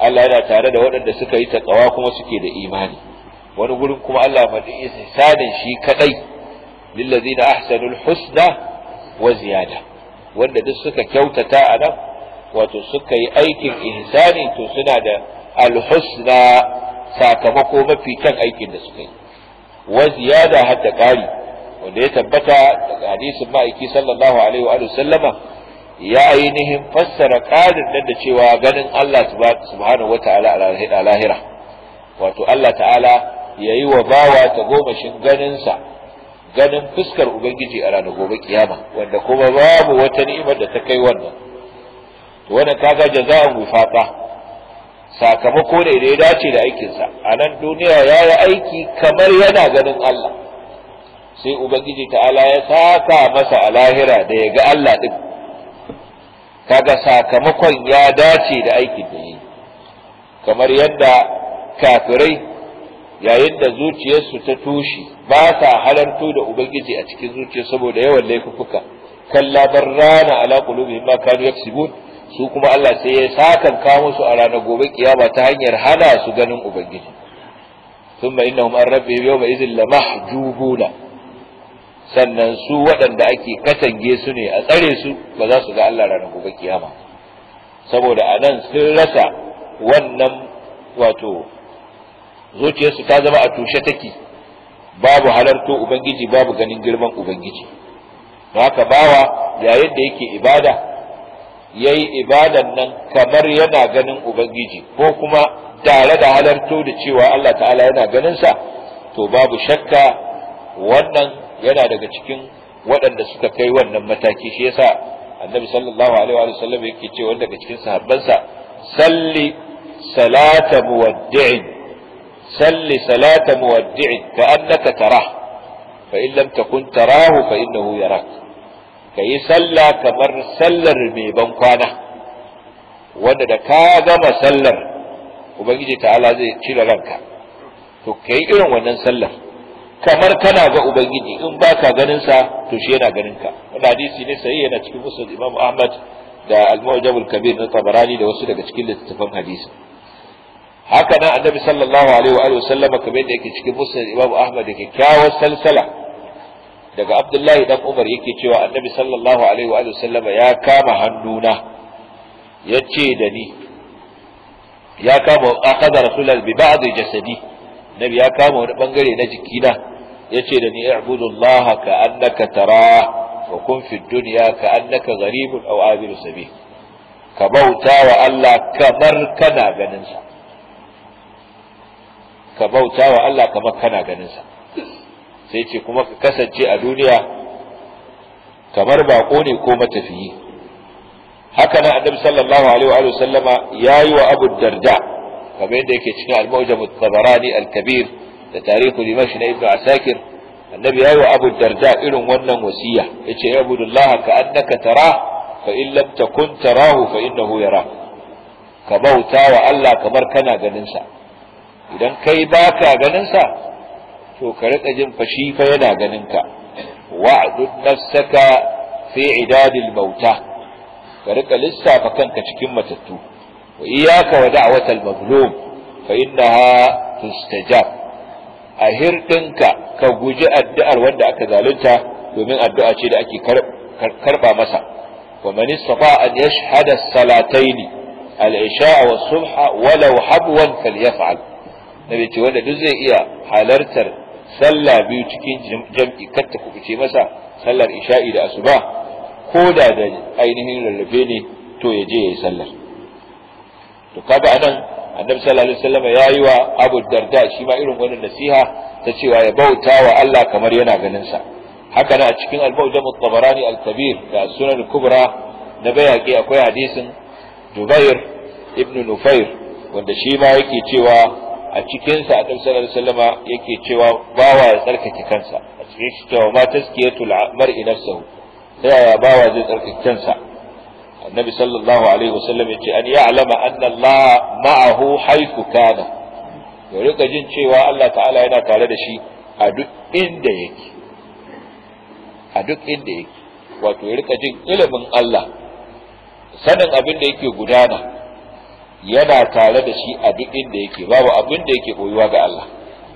Allah yana tare da waɗanda suka yi taƙawa kuma suke da imani wani gurin kuma Allah faɗi ihsanin shi kadai lil ahsanul husna wa ziyada wanda duk suka kyautata a nan wato suka yi aikin ihsani to suna da alhusna sakamako mafi kyan aikin da suka yi wa ziyada hadda ƙari wanda ya tabbata daga hadisin ma'aiki sallallahu alaihi wa sallama ya ainihin fassara nan da cewa ganin Allah subhanahu wata'ala a lahira wato Allah ta'ala ya yi wa bawa ta gomashin ganinsa ganin fuskar Ubangiji a ranar gobe kiyama wanda kuma babu wata ni'imar da ta kai wannan to wannan kaga jaza'an wifaqa sakamako ne da ya dace da aikinsa a nan duniya ya yi aiki kamar yana ganin Allah sai ubangiji ta'ala ya saka masa a lahira da ya ga Allah ɗin kaga sakamakon ya dace da aikin da yi kamar yadda kafirai yayin da zuciyarsu ta tushe ba sa halartu da ubangiji a cikin zuciya saboda yawan laifuka kalla barrana ala qulubihim ma kanu yaksibun su kuma Allah sai ya sakan ka musu a ranar gobe kiyama ta hanyar hana su ganin ubangiji thumma innahum an rabbihim yawma la mahjubuna sannan su waɗanda ake katange su ne a tsare su ba za su ga Allah ranar gobe kiyama saboda a nan sun rasa wannan wato zuciyarsu ta zama a tushe take babu halarto ubangiji babu ganin girman ubangiji haka bawa yayin da yake ibada ya yi ibadan nan kamar yana ganin Ubangiji ko kuma tare da halarto da cewa Allah ta'ala yana ganinsa to babu shakka wannan yana daga cikin waɗanda suka kai wannan mataki shi yasa annabi sallallahu alaihi wa sallam yake cewa daga cikin sahabbansa salli salata muwaddi'in salli salata muwaddi'in ka annaka tarah fa in lam takun tarahu fa innahu yarak ka yi sallah kamar sallar mai ban kwana wanda da ka gama sallar ubangiji ta'ala zai cire ranka to ka yi irin wannan sallar kamar kana ga ubangiji in ba ka ganinsa to shi yana ganinka wanda hadisi ne sai yana cikin musul imam ahmad da al-mu'jamul kabir na tabarani da wasu daga cikin littattafan hadisi haka nan annabi sallallahu alaihi wa alihi wasallam kamar yake cikin musnad imam ahmad da kyakkyawar salsala daga abdullahi dan umar yake cewa annabi sallallahu alaihi wa sallama ya kama hannuna ya ce da ni ya kama akada rasulullah bi ba'd jasadi nabi ya kama wani bangare na jikina ya ce da ni i'budullaha ka annaka tara wa kun fi dunya ka annaka gharibun aw abiru sabi ka bauta wa Allah kamar kana ganin sa ka bauta wa Allah kamar kana ganin sa sai ce kuma ka kasance a duniya kamar bako ne ko matafiyi haka nan annabi sallallahu alaihi wa sallama yayi wa Abu Darda kamar yadda yake cikin al-Mu'jam at-Tabarani al-Kabir da tarihu Dimash na Ibn Asakir annabi yayi wa Abu Darda irin wannan wasiya yace ya Abdullah ka annaka tara fa in lam takun tarahu fa innahu yara ka bauta wa Allah kamar kana ganin sa idan kai baka ganin sa to ka riƙa jin fashi fa yana ganin ka wa'dud nafsaka fi idadil mauta ka rika lissafa kanka cikin matattu wa iyyaka wa da'watal mazlum fa innaha tustajab a hirɗinka ka guji addu'ar wanda aka zalunta domin addu'a ce da ake karba masa wa man istata an yashhada salataini al-isha wa subha walau habwan falyaf'al nabi ce wanda duk zai iya halartar sallah biyu cikin jam'i katta kubuce masa sallar isha'i da asuba ko da da ainihin lallabe ne to ya je ya yi sallar to kaga anan annabi sallallahu alaihi wasallam yi wa Abu Darda shi ma irin wannan nasiha ta cewa ya bauta wa Allah kamar yana ganin sa haka a cikin al-Mawjam at al-Kabir da Sunan kubra na bayaki akwai hadisin Jubair ibn Nufair wanda shi ma yake cewa a cikinsa annabi sallallahu alaihi wasallama yake cewa bawa ya tsarkake kansa a cikin shi cewa ma tazkiyatul mar'i nafsuhu ta yaya bawa zai tsarkake kansa annabi sallallahu alaihi wasallam yace an ya'lama anna Allah ma'ahu haythu kana ya rika jin cewa Allah ta'ala yana tare da shi a duk inda yake a duk inda yake wato ya rika jin ilimin Allah sanin abin da yake gudana yana tare da shi a duk inda yake babu abin da yake koyuwa ga Allah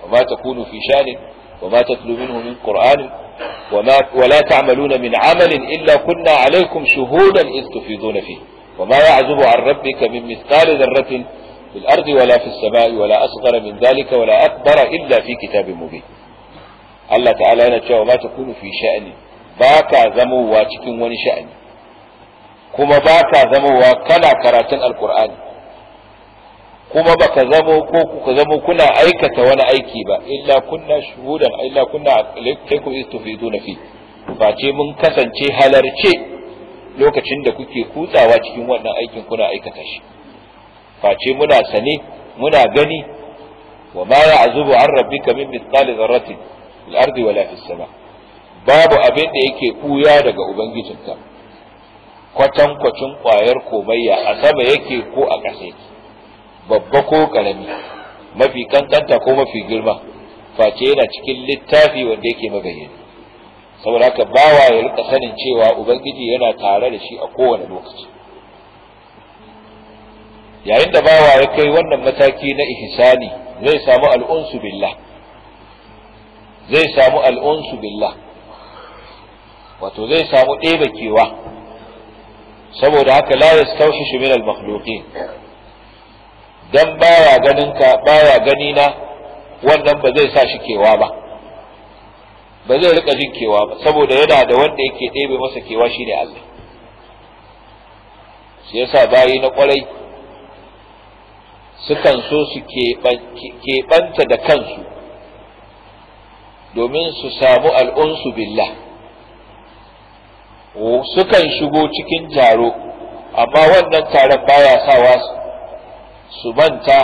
wa ma takunu fi shani wa ma tatlu minhu min qur'anin wa la ta'maluna min amalin illa kunna alaykum shuhudan iz tufiduna fi wa ma ya'zubu an rabbika min mithqali dharratin fil ardi wala fis samai wala asghara min dhalika wala akbara illa fi kitabin mubin Allah ta'ala yana cewa ma takunu fi sha'ni ba ka zamowa cikin wani sha'ani kuma ba ka zamowa kana karatun alqur'ani kuma baka zamo ko kuka zamo kuna aikata wani aiki ba illa kunna shuhudan illa kunna alaikum na fi ba ce mun kasance halarce lokacin da kuke kutsawa cikin wannan aikin kuna aikata shi face muna sane muna gani wa ma azubu an rabbika min mithqali dharratin fil ardi wala fis sama babu abin da yake buya daga ubangijinka kwatankwacin kwayar komayya a sama yake ko a ƙasa yake babba ko karami mafi kankanta ko mafi girma face yana cikin littafi wanda yake mabayyana saboda haka bawa ya rika sanin cewa ubangiji yana tare da shi a kowane lokaci yayin da bawa ya kai wannan mataki na ihsani zai samu al'unsu billah zai samu al'unsu billah wato zai samu ɗebakewa saboda haka la yastawshishu min al-makhluqin dan baya ganin baya gani na wannan ba zai sa shi kewa ba ba zai rika jin kewa ba saboda yana da wanda yake ɗebe masa kewa shine Allah shi yasa bayi na kwarai sukan so su keɓanta da kansu domin su samu al'unsu billah sukan shigo cikin taro amma wannan taron baya sawa su manta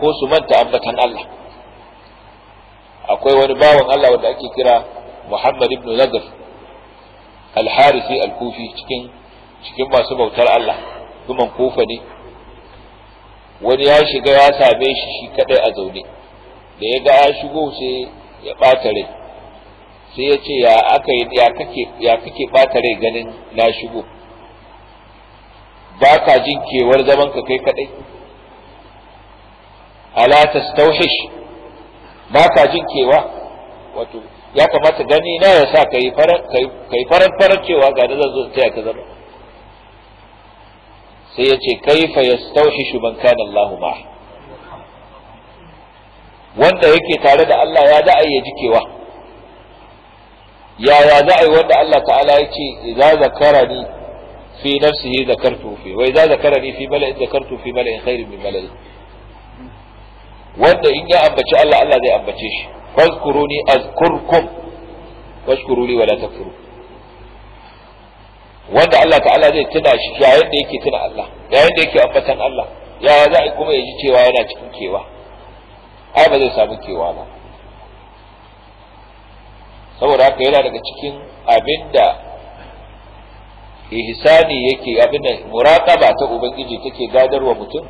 ko su manta ambatan Allah akwai wani bawan Allah wanda ake kira Muhammad ibn Nadir al-Harisi al-Kufi cikin cikin masu bautar Allah duman kofa ne wani ya shiga ya same shi shi kadai a zaune da ya ga ya shigo sai ya bata rai sai ya ce ya aka ya kake ya kake bata rai ganin na shigo ba ka jin kewar zaman ka kai kadai ala tastawhish ba ka jin kewa wato ya kamata gani na ya sa kai farar farar farar cewa ga da zan zo taya ka zama sai ya ce kaifa yastawhishu man kana Allahu ma wanda yake tare da Allah ya da ya jikewa yaya za a yi wanda Allah ta'ala ya ce idza zakarani fi nafsihi zakartu fi wa idza zakarani fi mala'in zakartu fi mala'in khairin min mala'in wanda in ya ambaci Allah Allah zai ambace shi fazkuruni azkurkum washkuruli wala takfur wanda Allah ta'ala zai tuna shi yayin da yake tuna Allah yayin da yake ambatan Allah ya za a kuma yaji cewa yana cikin kewa ai ba zai samu kewa ba saboda haka yana daga cikin abinda ihsani yake abinda muraqaba ta ubangiji take gadarwa mutum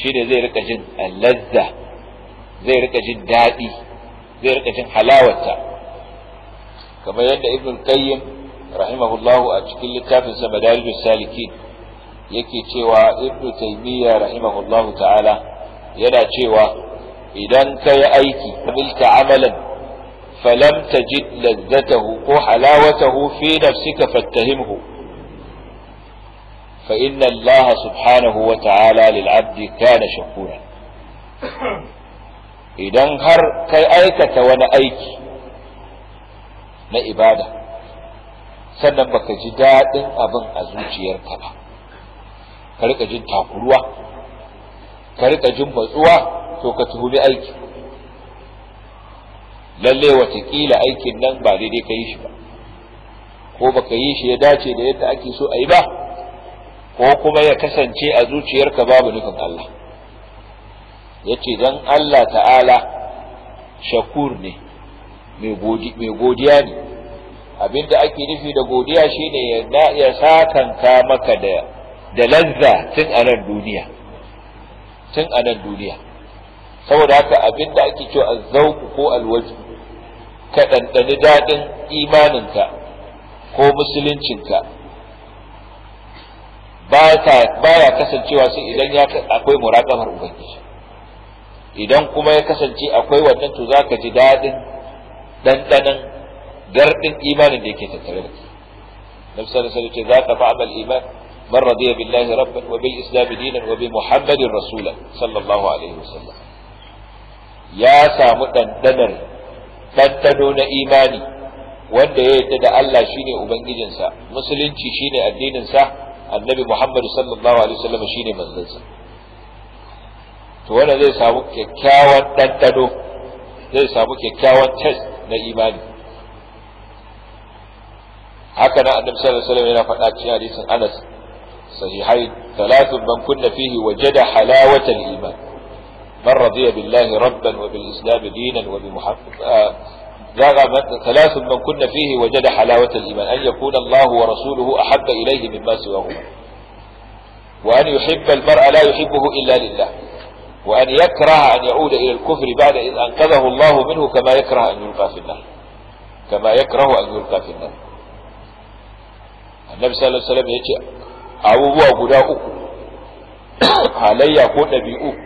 shi da zai rika jin lazza zai rika jin daɗi zai rika jin halawarta kamar yadda ibn qayyim rahimahullahu a cikin littafin sa madarijus salikin yake cewa ibn taymiya rahimahullahu ta'ala yana cewa idan ka yi aiki bilta amalan falam tajid lazzatahu ko halawatahu fi nafsika fattahimhu fa inna Allah subhanahu wa ta'ala lil abdi kana shakura idan har kai aikata wani aiki na ibada sannan baka ji daɗin abin a zuciyarka ba ka rika jin takuruwa ka rika jin matsuwa to ka tuhumi aiki lalle watakila aikin nan ba daidai ka yi shi ba ko baka yi shi ya dace da yadda ake so a yi ba ko kuma ya kasance a zuciyarka babu nufin Allah Ya ce don Allah ta'ala shakur ne mai godiya ne abinda ake nufi da godiya shine ya sakanka maka da da lanza tun a duniya tun a nan duniya saboda haka abinda ake cewa zauku ko alwaji. ka ɗanɗani daɗin imaninka ko musuluncinka baya kasancewa sai idan ya akwai muraƙabar ubangiji idan kuma ya kasance akwai wannan to zaka ji daɗin ɗanɗanon gardin imanin da yake tattare da ke nabi sallallahu alaihi ce za ka fa'amal iman man radiya billahi rabban wa bil islam dinan wa bi muhammadin rasula sallallahu alaihi wasallam ya samu ɗanɗanar ɗanɗano na imani wanda ya yarda da Allah shine ubangijinsa musulunci shine addininsa annabi Muhammadu sallallahu alaihi wasallam ne manzansa to wanda zai samu kyakkyawan ɗanɗano zai samu kyakkyawan test na imani haka nan annabi sallallahu alaihi wasallam yana faɗa cikin hadisin anas sahihai talatin man kunna fihi wajada halawatan iman man radiya billahi rabban wa bil islam dinan wa bi muhammad ذا ثلاث من كنا فيه وجد حلاوة الإيمان أن يكون الله ورسوله أحب إليه مما سواهما وأن يحب المرء لا يحبه إلا لله وأن يكره أن يعود إلى الكفر بعد إذ أنقذه الله منه كما يكره أن يلقى في النار كما يكره أن يلقى في النار النبي صلى الله عليه وسلم يقول أعوذ غداء علي ko نبيؤك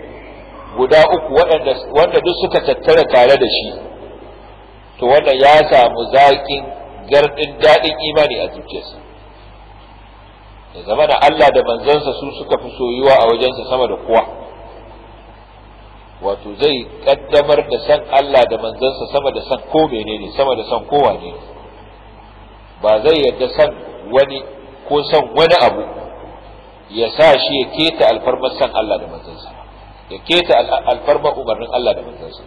guda وأن waɗanda duk على tattara to wanda ya samu zaƙin gardin daɗin imani a zuciyarsa ya zama da Allah da manzansa su suka fi soyuwa a wajensa sama da kowa wato zai ƙaddamar da san Allah da manzansa sama da san ko menene sama da san kowa ne ba zai yadda san wani ko san wani abu ya sa shi ya keta alfarmar san Allah da manzansa ya keta alfarmar umarnin Allah da manzansa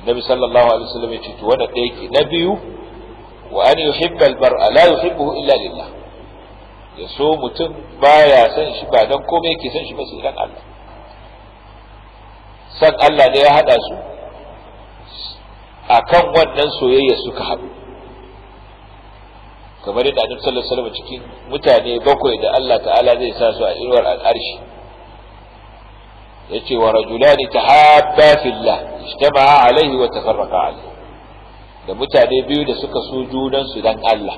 annabi sallallahu alaihi wasallam ya to wanda ɗaya ke na biyu wa an yuhibba almar'a la yuhibbuhu illa lillah ya so mutum baya san shi ba dan komai ke san shi ba sai dan Allah san Allah ne ya hada su akan wannan soyayya suka haɗu kamar yadda annabi sallallahu alaihi wasallam cikin mutane bakwai da Allah ta'ala zai sa su a irwar al'arshi yace wa rajulani tahabba fillah ijtama'a alaihi wa tafarraqa alaihi da mutane biyu da suka so junan su dan Allah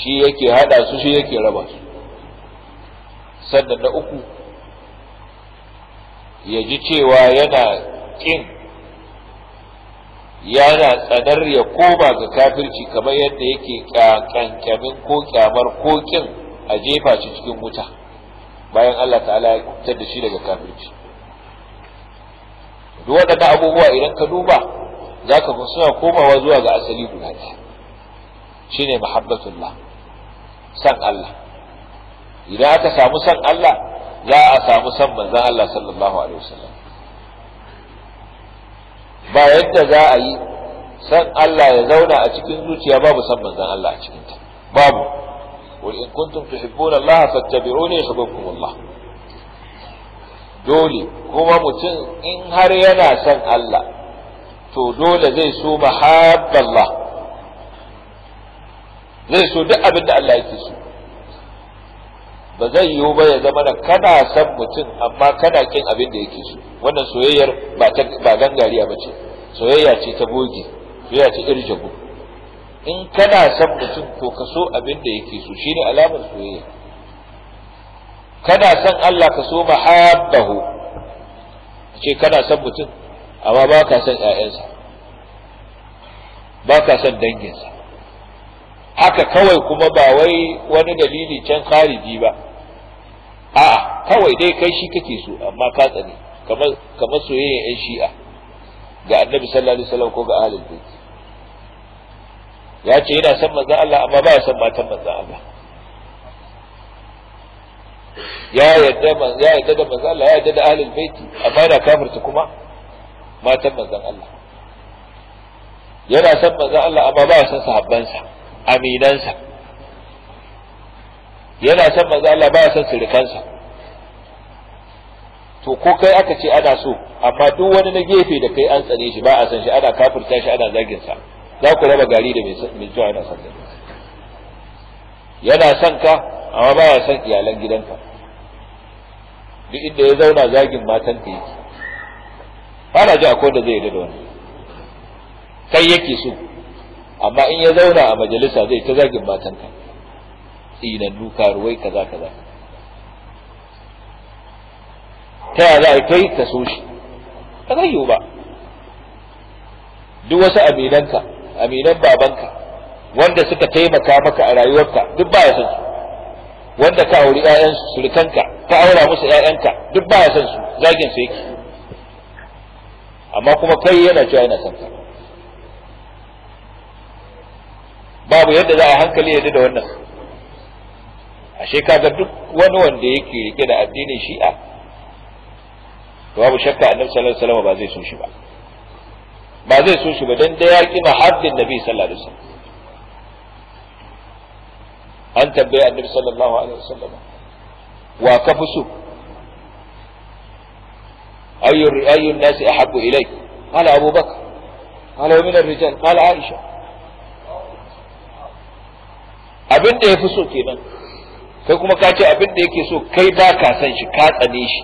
shi yake hada su shi yake raba su sannan na uku ya ji cewa yana kin yana tsadar ya koma ga kafirci kamar yadda yake kankamin ko kyamar ko a jefa shi cikin wuta bayan Allah ta'ala ya kubutar da shi daga kafirci duk waɗannan abubuwa idan ka duba za ka suna komawa zuwa ga asali guda ɗaya ne mahabbatullah san Allah idan aka samu san Allah za a samu san manzan Allah sallallahu alaihi wasallam ba yadda za a yi san Allah ya zauna a cikin zuciya babu san manzan Allah a cikinta babu qul in kuntum tuhibbuna Allah fattabi'uni yuhibbukum Allah dole kuma mutum in har yana son Allah to dole zai so mahabballah zai so duk abinda da Allah yake so ba zai yiwu ba ya zama na kana son mutum amma kana kin abin da yake so wannan soyayyar ba gangariya ba ce soyayya ce ta bogi soyayya ce irjagu in kana son mutum to ka so abin da yake so shine alamar soyayya kana son Allah ka so mahabbahu ce kana son mutum amma ba ka son ƴaƴansa ba ka son danginsa haka kawai kuma ba wai wani dalili can khariji ba a'a kawai dai kai shi kake so amma ka tsane kamar kamar soyayya ƴan shi'a ga annabi sallallahu alaihi wasallam ko ga ahlul bait ya ce yana son manzan Allah amma ba ya son matan manzan Allah ya yadda ya yadda da manzan Allah ya yadda da ahlul baiti amma yana kafirta kuma matan manzan Allah yana son manzan Allah amma ba ya son sahabbansa aminansa yana son manzan Allah ba ya son sirikansa to ko kai aka ce ana so amma duk wani na gefe da kai an tsane shi ba a san shi ana kafirta shi ana zagin sa za ku raba gari da mai zuwa yana son gari yana son ka amma ba ya son iyalan gidanka duk inda ya zauna zagin matan ka yake fara ji akwai da zai da wani kai yake so amma in ya zauna a majalisa zai ta zagin matan ka tsinannu karuwai kaza kaza ta yaya za a kai ka so shi Ka zai yiwu ba duk wasu aminanka aminan babanka wanda suka taimaka maka a rayuwarka duk baya son su wanda ka auri ƴaƴan surukanka ka aura musu ƴaƴanka duk baya son su zagin su yake amma kuma kai yana cewa yana son ka babu yadda za a hankali yadda da wannan ashe kaga duk wani wanda yake rike da addinin shi'a babu shakka annabi sallallahu alaihi wasallam ba zai so shi ba ba zai so shi ba dan da ya ki haddin nabi sallallahu alaihi wasallam an tambaye annabi sallallahu alaihi wasallam wa ka fi so ayyur ayyun nas ahabbu ilayk qala abubakar qala min ar-rijal qala aisha abin da yafi so kenan kai kuma ka ce abin da yake so kai ba ka san shi ka tsane shi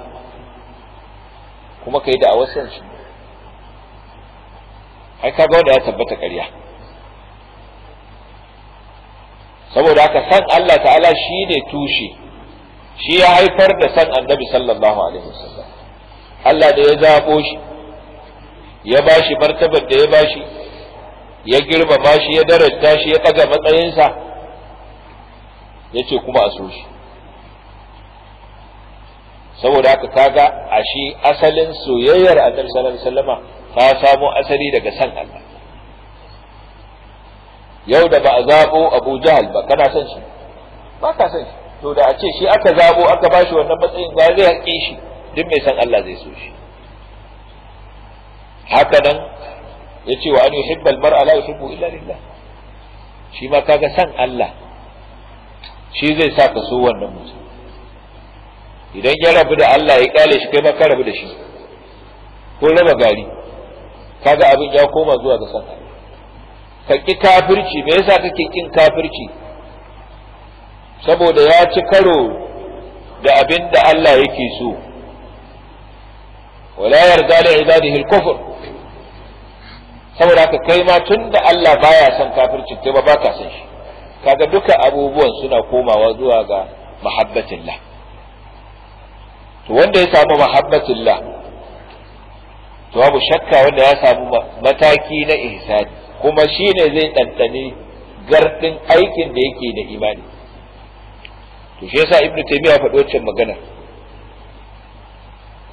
kuma kai da awasan shi ai ga wanda ya tabbata ƙarya saboda aka san Allah ta'ala shi ne tushe shi ya haifar da san annabi sallallahu alaihi wasallam Allah da ya zaɓo shi ya ba shi martabar da ya ba shi ya girmama shi ya daranta shi ya ɗaga matsayinsa ya ce kuma a so shi saboda haka kaga a shi asalin soyayyar annabi sallallahu alaihi wasallama ka samo asali daga san Allah yau da ba a zaɓo Abu Jahal ba kana son shi ba ka son shi to da a ce shi aka zabo aka bashi wannan matsayin ba zai haƙe shi duk mai san Allah zai so shi haka nan yace wa an yuhibbal mar'a la yuhibbu illa lillah shi ma kaga san Allah shi zai sa ka so wannan mutum idan ya rabu da Allah ya kyale shi kai ma ka rabu da shi ko raba gari kaga abin ya koma zuwa ga san ka ki kafirci me yasa kake kin kafirci saboda ya ci karo da abin da Allah yake so wala yarda li ibadihi al-kufr saboda ka kai ma tun da Allah baya son kafirci kai ba baka son shi kaga duka abubuwan suna komawa zuwa ga Allah to wanda ya samu Allah to babu shakka wanda ya samu mataki na ihsani kuma shine zai ɗanɗane gardin aikin da yake da imani to shi yasa ibnu taymiya faɗi waccan magana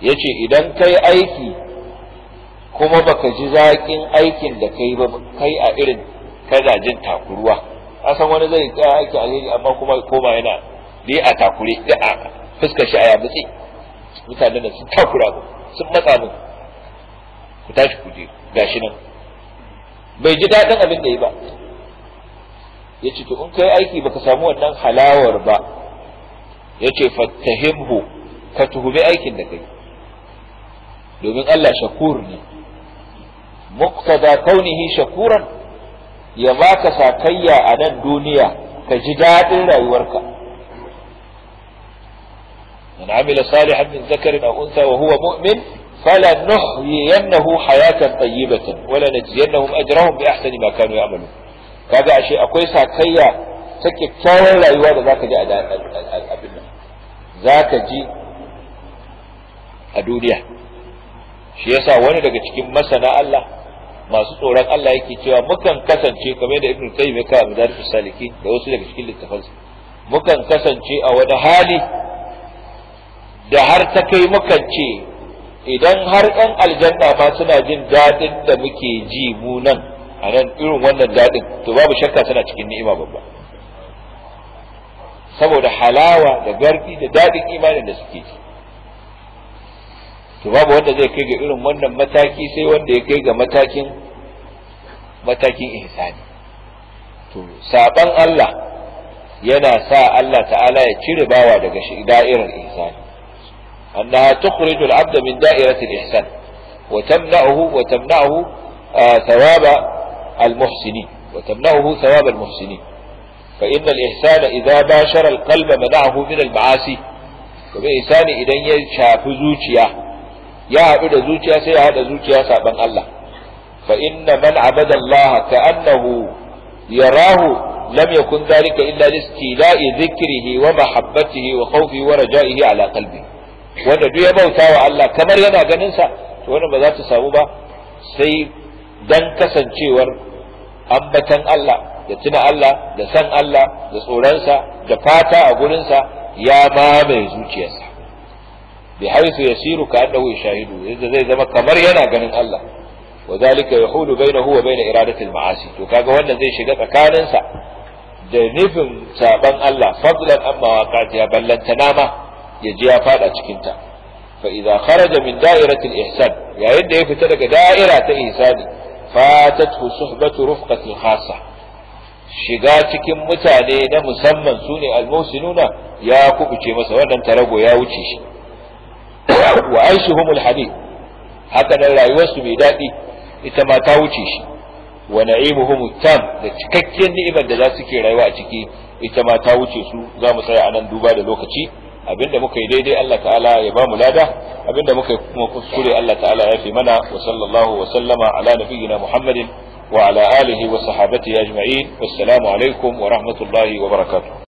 yace idan kai aiki kuma baka ji zaƙin aikin da kai ba kai a irin kana jin takuruwa san wani zai kai aiki alheri amma kuma koma yana dai a takure da a fuskar shi a yabutse mutanen da sun takura sun matsa min ku tashi ku gashi nan bai ji daɗin abin da yi ba ya ce to in kai aiki baka samu wannan halawar ba ya ce fattahimhu ka tuhumi aikin da kai domin Allah shakur ne muqtada kaunihi shakuran ya baka sakayya a nan duniya ka ji daɗin rayuwarka من عمل صالحا من ذكر أو wa وهو مؤمن فلنحيينه حياة طيبة ولنجزينهم أجرهم بأحسن ما كانوا يعملون kaga ashe akwai sakayya ta kyakkyawar rayuwa da zaka ji a abin zaka ji a duniya shi yasa wani daga cikin masana Allah masu tsoron Allah yake cewa mukan kasance kamar da Ibn Qayyim ka da Madarij Saliki da wasu daga cikin littafansa mukan kasance a wani hali da har ta kai mukan ce idan har 'yan aljanna ma suna jin daɗin da muke ji mu nan a nan irin wannan daɗin to babu shakka suna cikin ni'ima babba saboda halawa da garfi da daɗin imanin da suke ji to babu wanda zai kai ga irin wannan mataki sai wanda ya kai ga matakin matakin ihsani to saban Allah yana sa Allah ta'ala ya cire bawa daga da'irar ihsani انها تخرج العبد من دائرة الاحسان وتمنعه وتمنعه آه، ثواب المحسنين وتمنعه ثواب المحسنين فان الاحسان اذا باشر القلب منعه من المعاصي وبإحسان إذن يشاف زوجيا يا عبد زوجيا سي هذا زوجيا سابن الله فإن من عبد الله كأنه يراه لم يكن ذلك إلا لاستيلاء ذكره ومحبته وخوفه ورجائه على قلبه wanda duk ya bauta wa Allah kamar yana ganinsa, to wannan ba za ta samu ba sai dan kasancewar ambatan Allah da tuna Allah da san Allah da tsoronsa da fata a gurinsa ya mamaye zuciyarsa bi haisu yasiru ka annahu shahidu yadda zai zama kamar yana ganin Allah wa zalika yahulu bainahu wa bain iradati al-ma'asi to kaga wannan zai shiga tsakaninsa da nufin saban Allah fadlan amma waqati ya ballanta nama ya ji ya fada cikin ta fa idza kharaja min da'iratil ihsan ya da ya fita daga da'ira ta ihsani fatatu suhbatu rufqatil khassa shiga cikin mutane na musamman sune almusinuna ya kubuce masa wannan tarago ya wuce shi wa aishuhumul hadid haka nan rayuwarsu mai daɗi ita ma ta wuce shi wa na'imuhum tam da cikakken ni'imar da za su ke rayuwa a ciki ita ma ta wuce su za mu tsaya anan duba da lokaci abinda muka yi daidai Allah ta'ala ya ba mu lada abinda muka yi kuma kuskure Allah ta'ala ya fi mana wa sallallahu wa sallama ala nabiyyina Muhammadin wa ala alihi wa sahabati ajma'in wassalamu alaikum wa rahmatullahi wa barakatuh